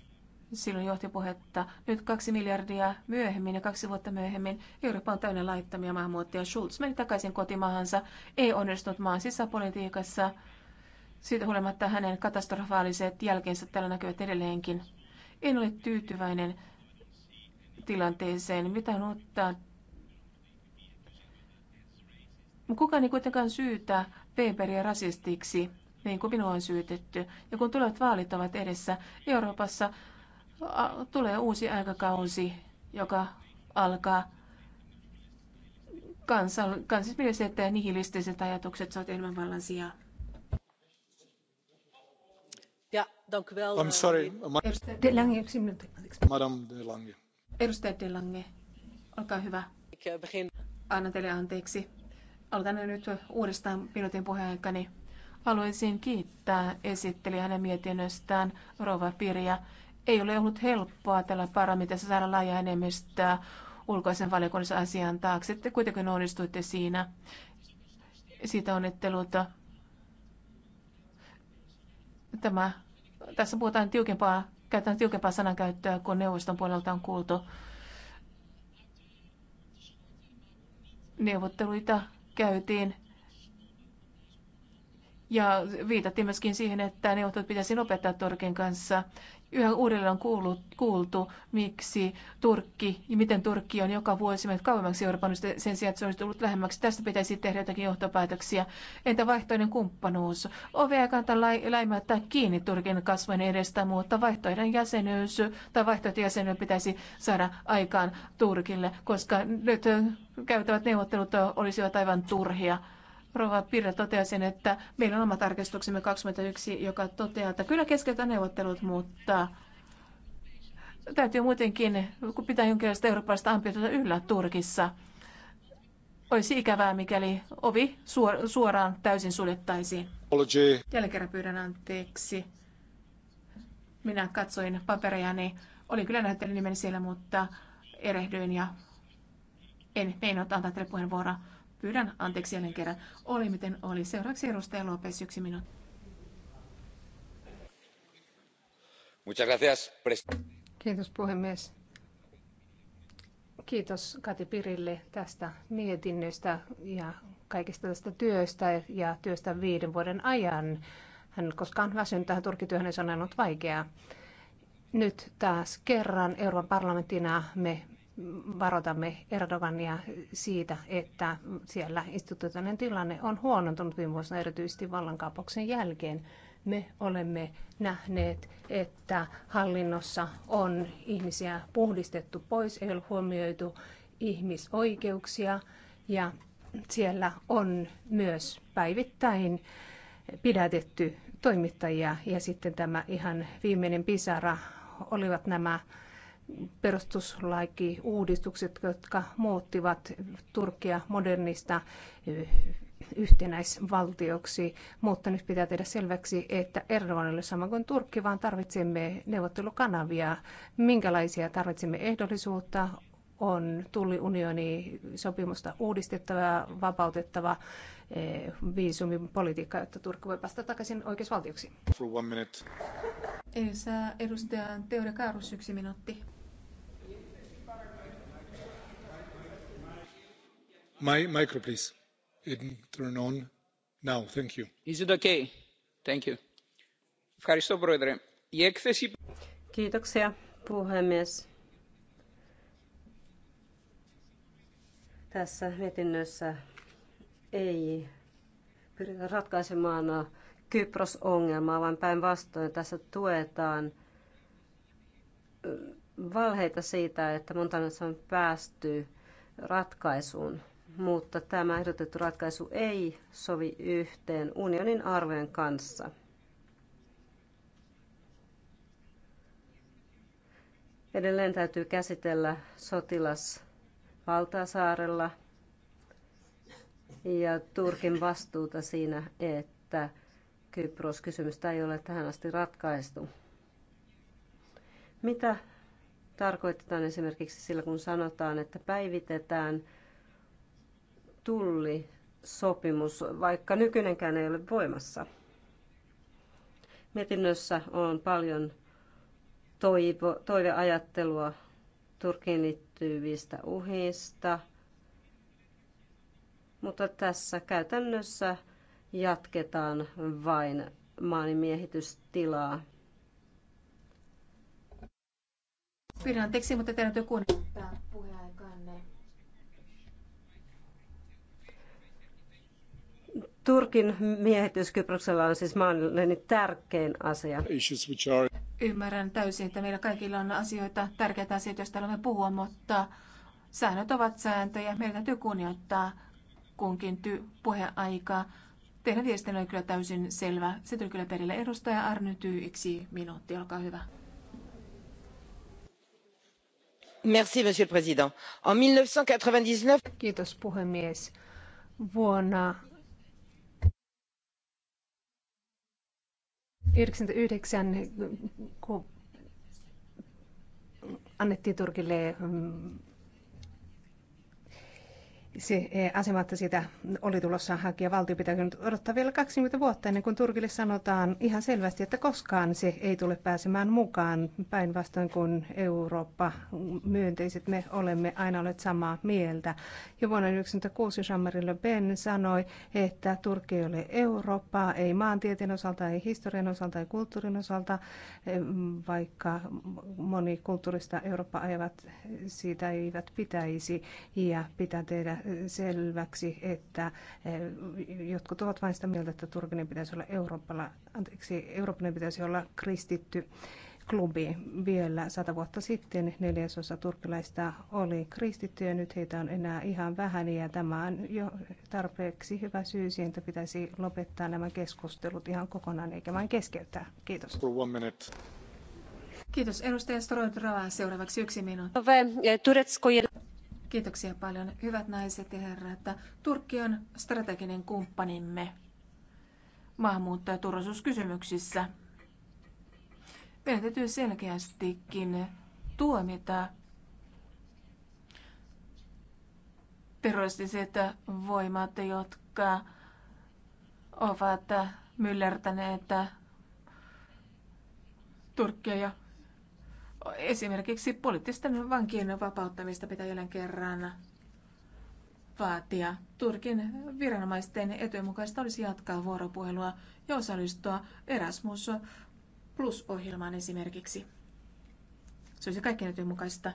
S5: silloin johti puhetta Nyt kaksi miljardia myöhemmin ja kaksi vuotta myöhemmin Eurooppa on täynnä laittamia maahanmuuttajia. Schulz meni takaisin kotimaahansa, ei onnistunut maan sisäpolitiikassa. Siitä huolimatta hänen katastrofaaliset jälkeensä täällä näkyvät edelleenkin. En ole tyytyväinen tilanteeseen. Mitä on uutta? Kukaan ei kuitenkaan syytä Weberia rasistiksi niin kuin minua on syytetty. Ja kun tulevat vaalit ovat edessä, Euroopassa tulee uusi aikakausi, joka alkaa kansan, kansallismieliset ja nihilistiset ajatukset saavat enemmän vallan sijaa. Ja, dank wel.
S1: I'm eh,
S2: sorry. Edustaja De
S5: Lange, yksi minuutti.
S2: Madame De Lange.
S5: Edustaja De Lange, olkaa hyvä. Eh, Anna teille anteeksi. Aloitan nyt uudestaan minuutin puheenaikani. Haluaisin kiittää esittelijä hänen mietinnöstään Rova Pirja ei ole ollut helppoa tällä parlamentissa saada laaja enemmistöä ulkoisen valiokunnassa asian taakse. Te kuitenkin onnistuitte siinä. Siitä onnitteluta. Tämä, tässä puhutaan tiukempaa, käytetään tiukempaa sanankäyttöä kun neuvoston puolelta on kuultu. Neuvotteluita käytiin ja viitattiin myöskin siihen, että neuvottelut pitäisi opettaa Turkin kanssa. Yhä uudelleen on kuultu, miksi Turkki ja miten Turkki on joka vuosi mennyt kauemmaksi Euroopan sen sijaan, että se olisi tullut lähemmäksi. Tästä pitäisi tehdä jotakin johtopäätöksiä. Entä vaihtoehtoinen kumppanuus? Ovea kannattaa läimäyttää kiinni Turkin kasvojen edestä, mutta vaihtoehden jäsenyys tai pitäisi saada aikaan Turkille, koska nyt käytävät neuvottelut olisivat aivan turhia. Rova Pirra sen, että meillä on oma tarkistuksemme 21, joka toteaa, että kyllä keskeltä neuvottelut, mutta täytyy muutenkin, kun pitää jonkinlaista eurooppalaista ampiota yllä Turkissa, olisi ikävää, mikäli ovi suoraan täysin suljettaisiin. Jälleen kerran pyydän anteeksi. Minä katsoin paperejani. Niin olin kyllä nähtänyt nimen siellä, mutta erehdyin ja en meinannut antaa teille puheenvuoroa. Pyydän anteeksi jälleen kerran. Oli miten oli. Seuraavaksi edustaja Lopes, yksi minuutti. Kiitos
S6: puhemies. Kiitos Kati Pirille tästä mietinnöstä ja kaikesta tästä työstä ja työstä viiden vuoden ajan. Hän koskaan väsynyt tähän turkityöhön, niin se on ollut vaikeaa. Nyt taas kerran Euroopan parlamenttina me varoitamme Erdogania siitä, että siellä instituutioiden tilanne on huonontunut viime vuosina erityisesti vallankaapauksen jälkeen. Me olemme nähneet, että hallinnossa on ihmisiä puhdistettu pois, ei ole huomioitu ihmisoikeuksia ja siellä on myös päivittäin pidätetty toimittajia ja sitten tämä ihan viimeinen pisara olivat nämä perustuslaki-uudistukset, jotka muuttivat Turkia modernista yhtenäisvaltioksi, mutta nyt pitää tehdä selväksi, että Erdoganille sama kuin Turkki, vaan tarvitsemme neuvottelukanavia. Minkälaisia tarvitsemme ehdollisuutta, on tulliunioni sopimusta uudistettava ja vapautettava eh, viisumipolitiikka, jotta Turkki voi päästä takaisin
S5: oikeusvaltioksi. For Edustaja Teore Kaarus, yksi minuutti
S2: arvoisa
S3: puhemies tässä mietinnössä ei pyritä ratkaisemaan kypros ongelmaa vaan päinvastoin tässä tuetaan valheita siitä, että Montanassa on päästy ratkaisuun mutta tämä ehdotettu ratkaisu ei sovi yhteen unionin arvojen kanssa. Edelleen täytyy käsitellä sotilas Valtaasaarella ja Turkin vastuuta siinä, että Kypros-kysymystä ei ole tähän asti ratkaistu. Mitä tarkoitetaan esimerkiksi sillä, kun sanotaan, että päivitetään – tullisopimus, vaikka nykyinenkään ei ole voimassa. Mietinnössä on paljon toivo, toiveajattelua Turkiin liittyvistä uhista, mutta tässä käytännössä jatketaan vain maanimiehitystilaa. Pyydän anteeksi, mutta teidän täytyy
S5: kuunnella
S3: Turkin miehitys Kyproksella on siis maalleni tärkein asia.
S5: Ymmärrän täysin, että meillä kaikilla on asioita, tärkeitä asioita, joista haluamme puhua, mutta säännöt ovat sääntöjä. Meidän täytyy kunnioittaa kunkin ty- puheaikaa. Teidän viestinne oli kyllä täysin selvä. Se tuli kyllä perille. Edustaja Arnyty, yksi minuutti, olkaa hyvä.
S6: Merci, monsieur le président. En 1999... Kiitos puhemies. Vuonna 1999, kun annettiin Turkille mm, se eh, asema, että siitä oli tulossa hakija valtio pitää nyt odottaa vielä 20 vuotta ennen kuin Turkille sanotaan ihan selvästi, että koskaan se ei tule pääsemään mukaan. Päinvastoin kuin Eurooppa myönteiset me olemme aina olleet samaa mieltä. Jo vuonna 1996 Jean-Marie Le Pen sanoi, että Turkki ei ole Eurooppaa, ei maantieteen osalta, ei historian osalta, ei kulttuurin osalta, eh, vaikka moni kulttuurista Eurooppa ajavat siitä eivät pitäisi ja pitää tehdä selväksi, että eh, jotkut ovat vain sitä mieltä, että Turkinen pitäisi olla Euroopalla, anteeksi, Euroopan pitäisi olla kristitty klubi. Vielä sata vuotta sitten neljäsosa turkilaista oli kristittyjä, nyt heitä on enää ihan vähän ja tämä on jo tarpeeksi hyvä syy siihen, että pitäisi lopettaa nämä keskustelut ihan kokonaan eikä vain keskeyttää. Kiitos.
S5: Kiitos. Edustaja Stroitrova, seuraavaksi yksi minuutti. Kiitoksia paljon, hyvät naiset ja herrat. Turkki on strateginen kumppanimme maahanmuutto- ja turvallisuuskysymyksissä. Meidän täytyy selkeästikin tuomita terroristiset voimat, jotka ovat myllertäneet Turkkia ja Esimerkiksi poliittisten vankien vapauttamista pitää jälleen kerran vaatia. Turkin viranomaisten etujen mukaista olisi jatkaa vuoropuhelua ja osallistua Erasmus Plus-ohjelmaan esimerkiksi. Se olisi kaikkien etujen mukaista.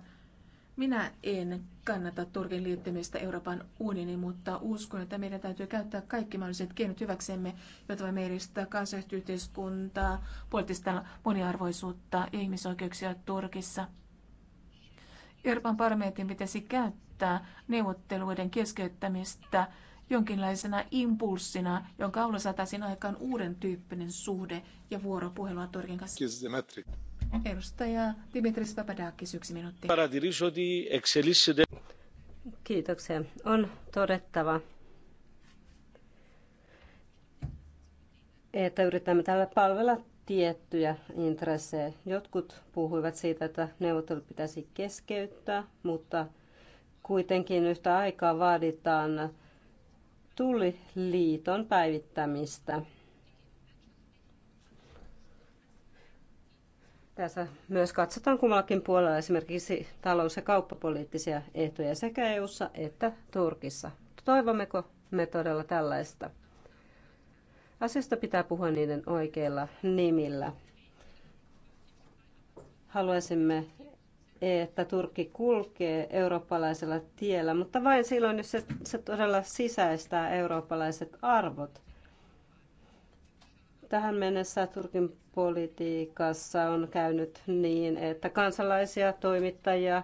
S5: Minä en kannata Turkin liittymistä Euroopan unioniin, mutta uskon, että meidän täytyy käyttää kaikki mahdolliset keinot hyväksemme, jotta voimme edistää kansainvälistä poliittista moniarvoisuutta ja ihmisoikeuksia Turkissa. Euroopan parlamentin pitäisi käyttää neuvotteluiden keskeyttämistä jonkinlaisena impulssina, jonka avulla saataisiin aikaan uuden tyyppinen suhde ja vuoropuhelua Turkin kanssa. Edustaja Dimitris Papadakis,
S3: yksi minuutti. Kiitoksia. On todettava, että yritämme tällä palvella tiettyjä intressejä. Jotkut puhuivat siitä, että neuvottelut pitäisi keskeyttää, mutta kuitenkin yhtä aikaa vaaditaan tulliliiton päivittämistä. Tässä myös katsotaan kummallakin puolella esimerkiksi talous- ja kauppapoliittisia ehtoja sekä EU:ssa että Turkissa. Toivommeko me todella tällaista? Asioista pitää puhua niiden oikeilla nimillä. Haluaisimme, että Turkki kulkee eurooppalaisella tiellä, mutta vain silloin, jos se, se todella sisäistää eurooppalaiset arvot. Tähän mennessä Turkin politiikassa on käynyt niin, että kansalaisia toimittajia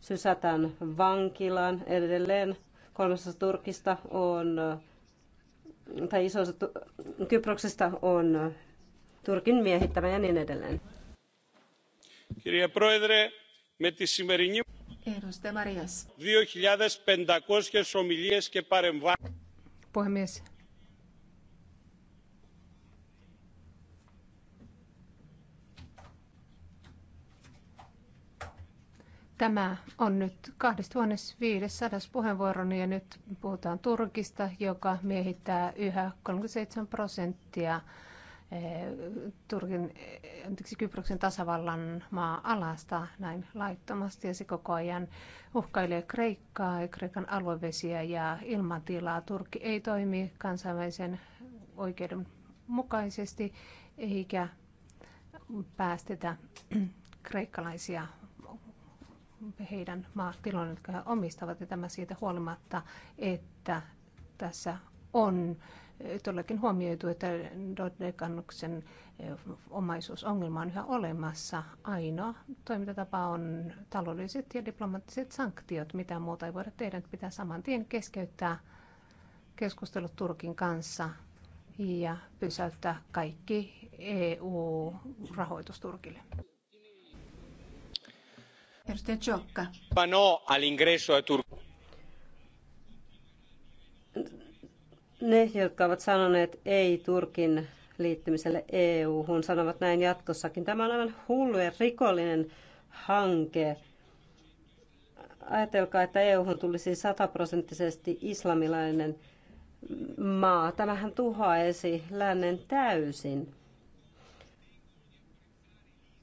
S3: sysätään vankilaan. Edelleen kolmessa Turkista on, tai isossa Kyproksesta on Turkin miehittämä ja niin edelleen.
S2: Kirja Proedre, με τη
S3: Edustaja Marias.
S2: 2.500
S5: Puhemies,
S6: Tämä on nyt 2500 puheenvuoroni ja nyt puhutaan Turkista, joka miehittää yhä 37 prosenttia eh, Turkin, eh, anteeksi, Kyproksen tasavallan maa-alasta näin laittomasti ja se koko ajan uhkailee Kreikkaa ja Kreikan aluevesiä ja ilmatilaa. Turkki ei toimi kansainvälisen oikeuden mukaisesti eikä päästetä [CLEARS THROAT] kreikkalaisia heidän maatiloille, jotka he omistavat, ja tämä siitä huolimatta, että tässä on e, todellakin huomioitu, että Dodekannuksen e, omaisuusongelma on yhä olemassa. Ainoa toimintatapa on taloudelliset ja diplomaattiset sanktiot. Mitä muuta ei voida tehdä, että pitää saman tien keskeyttää keskustelut Turkin kanssa ja pysäyttää kaikki EU-rahoitus Turkille.
S3: Edustaja Ciocca.
S2: No all'ingresso a Turkki.
S3: Ne, jotka ovat sanoneet ei Turkin liittymiselle EU-hun, sanovat näin jatkossakin. Tämä on aivan hullu ja rikollinen hanke. Ajatelkaa, että EU-hun tulisi sataprosenttisesti islamilainen maa. Tämähän tuhoaisi lännen täysin.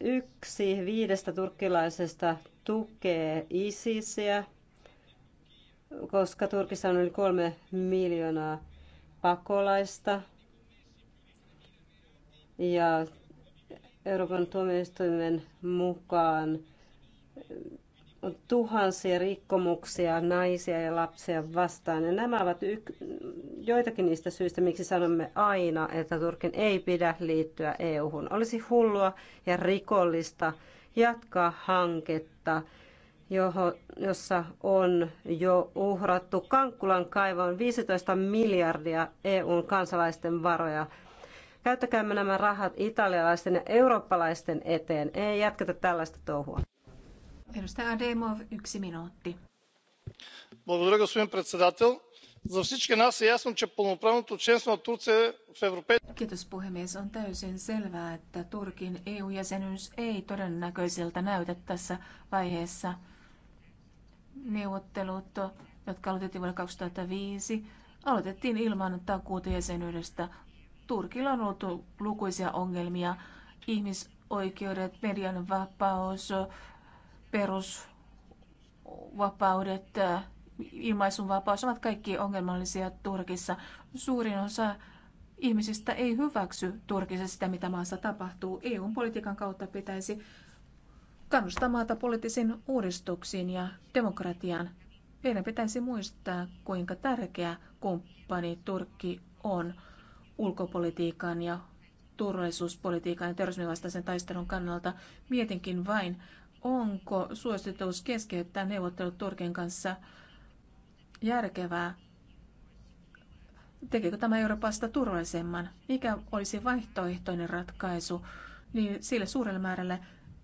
S3: Yksi viidestä turkkilaisesta tukee ISISiä, koska Turkissa on yli kolme miljoonaa pakolaista. Ja Euroopan tuomioistuimen mukaan on tuhansia rikkomuksia naisia ja lapsia vastaan. Ja nämä ovat joitakin niistä syistä, miksi sanomme aina, että Turkin ei pidä liittyä EU-hun. Olisi hullua ja rikollista jatkaa hanketta, johon, jossa on jo uhrattu Kankkulan kaivoon 15 miljardia EUn kansalaisten varoja. Käyttäkäämme nämä rahat italialaisten ja eurooppalaisten eteen. Ei jatketa tällaista touhua.
S5: Edustaja Ademov, yksi minuutti.
S3: Благодаря, господин председател.
S5: Kiitos puhemies. On täysin selvää, että Turkin EU-jäsenyys ei todennäköiseltä näytä tässä vaiheessa. Neuvottelut, jotka aloitettiin vuonna 2005, aloitettiin ilman takuuta jäsenyydestä. Turkilla on ollut lukuisia ongelmia, ihmisoikeudet, median vapaus, perusvapaudet, ilmaisunvapaus ovat kaikki ongelmallisia Turkissa. Suurin osa ihmisistä ei hyväksy Turkissa sitä, mitä maassa tapahtuu. EU-politiikan kautta pitäisi kannustaa maata poliittisiin uudistuksiin ja demokratiaan. Meidän pitäisi muistaa, kuinka tärkeä kumppani Turkki on ulkopolitiikan ja turvallisuuspolitiikan ja terrorismin vastaisen taistelun kannalta. Mietinkin vain, onko suositus keskeyttää neuvottelut Turkin kanssa – järkevää? Tekeekö tämä Euroopasta turvallisemman? Mikä olisi vaihtoehtoinen ratkaisu niin sille suurelle määrälle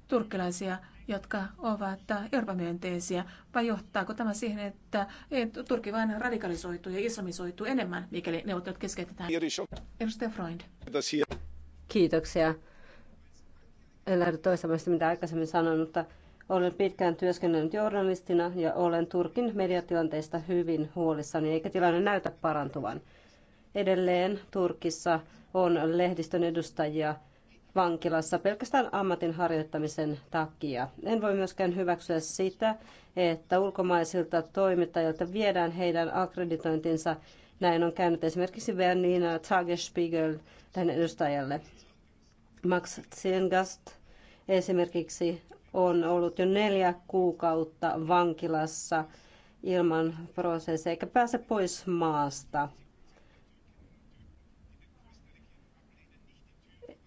S5: turkkilaisia, jotka ovat Euroopan myönteisiä, vai johtaako tämä siihen, että Turkki vain radikalisoituu ja
S3: islamisoituu enemmän, mikäli neuvottelut keskeytetään? Edustaja Freund. Kiitoksia. En lähde toistamaan sitä, mitä aikaisemmin sanoin, mutta olen pitkään työskennellyt journalistina ja olen Turkin mediatilanteista hyvin huolissani, eikä tilanne näytä parantuvan. Edelleen Turkissa on lehdistön edustajia vankilassa pelkästään ammatin harjoittamisen takia. En voi myöskään hyväksyä sitä, että ulkomaisilta toimittajilta viedään heidän akkreditointinsa. Näin on käynyt esimerkiksi Berliner Tagesspiegel tämän edustajalle. Max Zengast esimerkiksi on ollut jo neljä kuukautta vankilassa ilman prosessia eikä pääse pois maasta.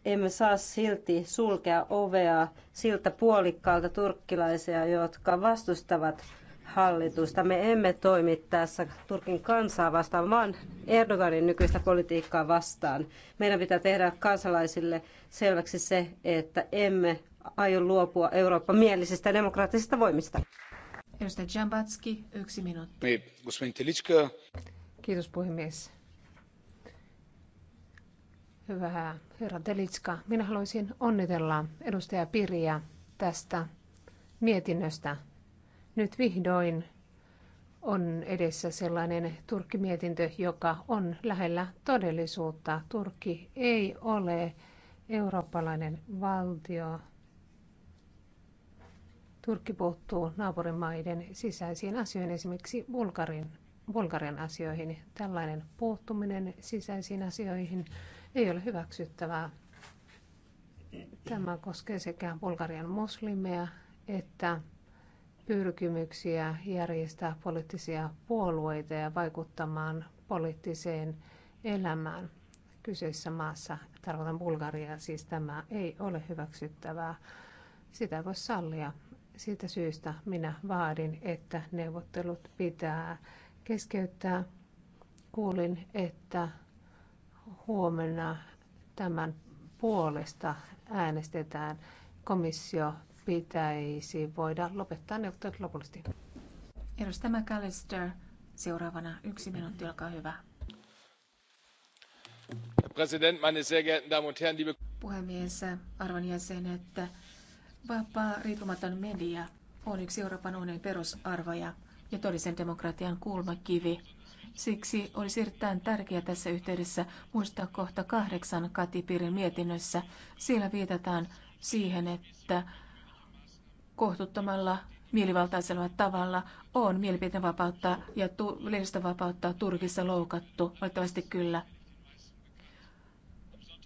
S3: Emme saa silti sulkea ovea siltä puolikkaalta turkkilaisia, jotka vastustavat hallitusta. Me emme toimi tässä Turkin kansaa vastaan, vaan Erdoganin nykyistä politiikkaa vastaan. Meidän pitää tehdä kansalaisille selväksi se, että emme aio luopua Euroopan demokraattisista voimista. Edustaja Jambatski, yksi minuutti. Niin,
S6: Kiitos puhemies. Hyvä herra Telitska. Minä haluaisin onnitella edustaja Piriä tästä mietinnöstä. Nyt vihdoin on edessä sellainen Turkki-mietintö, joka on lähellä todellisuutta. Turkki ei ole eurooppalainen valtio, Turkki puuttuu naapurimaiden sisäisiin asioihin, esimerkiksi Bulgarin, Bulgarian asioihin. Tällainen puuttuminen sisäisiin asioihin ei ole hyväksyttävää. Tämä koskee sekä Bulgarian muslimeja että pyrkimyksiä järjestää poliittisia puolueita ja vaikuttamaan poliittiseen elämään kyseisessä maassa. Tarkoitan Bulgariaa, siis tämä ei ole hyväksyttävää. Sitä voi sallia siitä syystä minä vaadin, että neuvottelut pitää keskeyttää. Kuulin, että huomenna tämän puolesta äänestetään. Komissio pitäisi voida lopettaa
S5: neuvottelut lopullisesti. Edustaja McAllister, seuraavana yksi minuutti, olkaa hyvä.
S2: Herr Präsident, meine sehr geehrten Damen und Herren, liebe
S5: Puhemies, arvon jäsenet, Vapaa riippumaton media on yksi Euroopan unionin perusarvoja ja todellisen demokratian kulmakivi. Siksi olisi erittäin tärkeää tässä yhteydessä muistaa kohta kahdeksan Katipirin mietinnössä. Siellä viitataan siihen, että kohtuuttomalla mielivaltaisella tavalla on mielipiteenvapautta ja tu- lehdistönvapautta Turkissa loukattu, valitettavasti kyllä.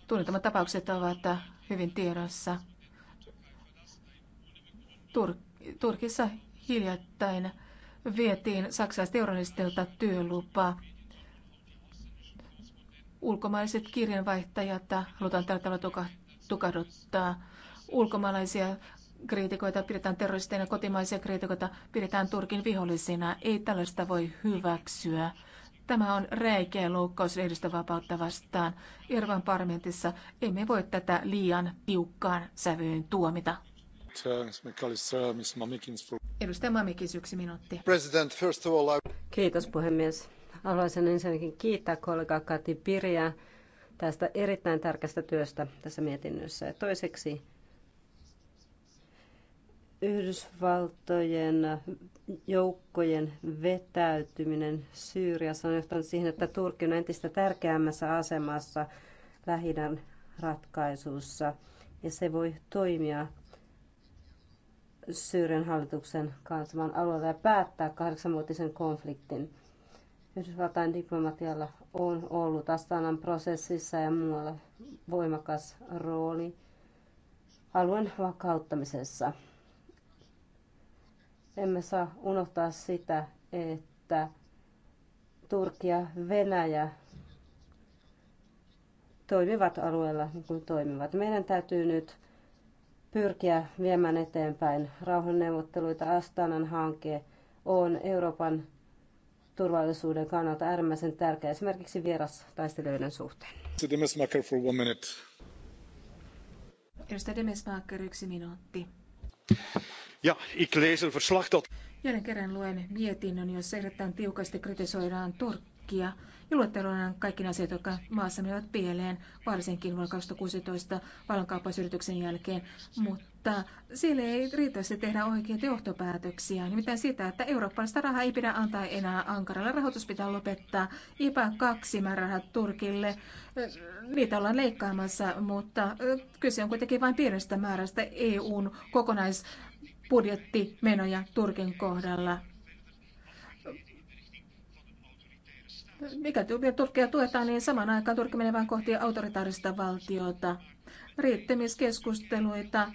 S5: Tunnetamat tapaukset ovat hyvin tiedossa. Tur- Turkissa hiljattain vietiin saksalaisterroristilta työlupaa. Ulkomaiset kirjanvaihtajat halutaan tällä tavalla tuka- tukahduttaa. Ulkomaalaisia kriitikoita pidetään terroristeina, kotimaisia kriitikoita pidetään Turkin vihollisina. Ei tällaista voi hyväksyä. Tämä on räikeä loukkaus vapautta vastaan. Ervan parlamentissa emme voi tätä liian tiukkaan sävyyn tuomita.
S2: President, first of all,
S3: Kiitos puhemies. Haluaisin ensinnäkin kiittää kollega Kati Piriä tästä erittäin tärkeästä työstä tässä mietinnössä. Ja toiseksi Yhdysvaltojen joukkojen vetäytyminen Syyriassa on johtanut siihen, että Turkki on entistä tärkeämmässä asemassa lähinnän ratkaisussa ja se voi toimia Syyrian hallituksen kantaman alueella ja päättää kahdeksanvuotisen konfliktin. Yhdysvaltain diplomatialla on ollut Astanan prosessissa ja muualla voimakas rooli alueen vakauttamisessa. Emme saa unohtaa sitä, että Turkki ja Venäjä toimivat alueella niin kuin toimivat. Meidän täytyy nyt pyrkiä viemään eteenpäin rauhanneuvotteluita. Astanan hanke on Euroopan turvallisuuden kannalta äärimmäisen tärkeä esimerkiksi vierastaistelijoiden suhteen. Demesmaker Edustaja Demesmaker, yksi minuutti.
S2: Ja, ik lees een verslag dat...
S5: Jälleen kerran luen mietinnön, jossa erittäin tiukasti kritisoidaan Turkkia pankkia ja luetteloidaan kaikki ne asiat, jotka maassa menevät pieleen, varsinkin vuonna 2016 vallankaappausyrityksen jälkeen, mutta sille ei riittävästi tehdä oikeita johtopäätöksiä. Nimittäin sitä, että eurooppalaista rahaa ei pidä antaa enää Ankaralle. Rahoitus pitää lopettaa. IPA 2 määrärahat Turkille. Niitä ollaan leikkaamassa, mutta kyse on kuitenkin vain pienestä määrästä EUn kokonaisbudjettimenoja Turkin kohdalla. mikä Turkia tuetaan, niin saman aikaan Turkki menee vain kohti autoritaarista valtiota. Riittämiskeskusteluita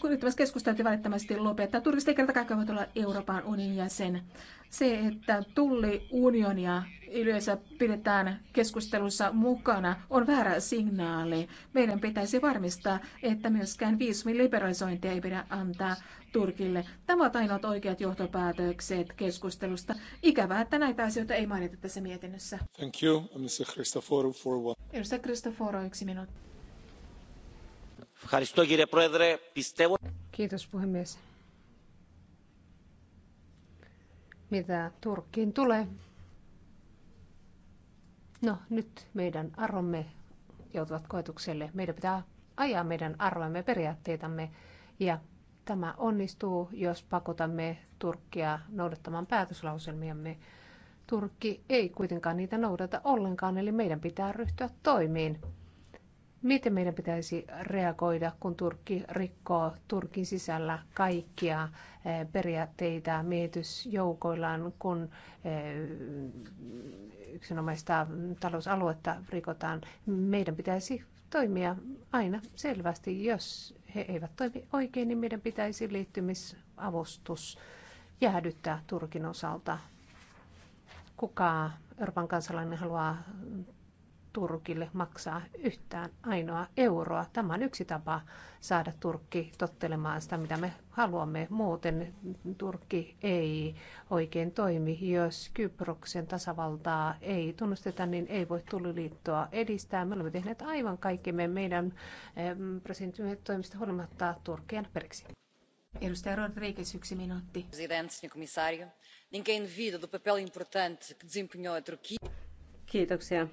S5: kunnioittavassa keskusteltiin välittömästi lopettaa. Turkista ei kerta kaikkiaan voi olla Euroopan unionin jäsen. Se, että tulliunionia yleensä pidetään keskustelussa mukana, on väärä signaali. Meidän pitäisi varmistaa, että myöskään viisumin liberalisointia ei pidä antaa Turkille. Tämä on ainoat oikeat johtopäätökset keskustelusta. Ikävää, että näitä asioita ei mainita tässä mietinnössä.
S2: Thank you, Mr. Christoforu, for one.
S5: Edustaja Christoforu, yksi minuutti. Kiitos puhemies.
S6: Mitä Turkkiin tulee? No nyt meidän arvomme joutuvat koetukselle. Meidän pitää ajaa meidän arvoimme periaatteitamme ja tämä onnistuu, jos pakotamme Turkkia noudattamaan päätöslauselmiamme. Turkki ei kuitenkaan niitä noudata ollenkaan, eli meidän pitää ryhtyä toimiin. Miten meidän pitäisi reagoida, kun Turkki rikkoo Turkin sisällä kaikkia eh, periaatteita miehitysjoukoillaan, kun eh, yksinomaista talousaluetta rikotaan? Meidän pitäisi toimia aina selvästi. Jos he eivät toimi oikein, niin meidän pitäisi liittymisavustus jäädyttää Turkin osalta. Kuka Euroopan kansalainen haluaa Turkille maksaa yhtään ainoa euroa. Tämä on yksi tapa saada Turkki tottelemaan sitä, mitä me haluamme. Muuten Turkki ei oikein toimi. Jos Kyproksen tasavaltaa ei tunnusteta, niin ei voi tulliliittoa edistää. Me olemme tehneet aivan kaikkemme meidän eh, presidentin toimista huolimatta Turkien periksi. Edustaja Rodriguez,
S3: yksi minuutti. Kiitoksia,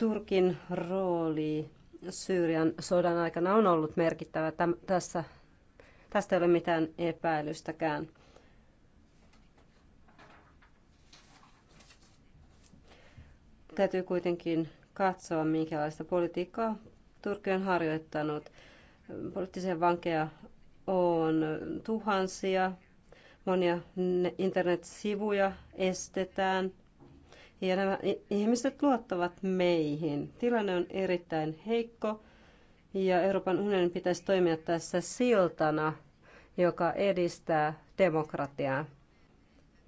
S3: Turkin rooli Syyrian sodan aikana on ollut merkittävä. Tässä, tästä ei ole mitään epäilystäkään. Täytyy kuitenkin katsoa, minkälaista politiikkaa Turkki on harjoittanut. Poliittisia vankeja on tuhansia, monia internetsivuja estetään – ja nämä ihmiset luottavat meihin. Tilanne on erittäin heikko ja Euroopan unionin pitäisi toimia tässä siltana, joka edistää demokratiaa.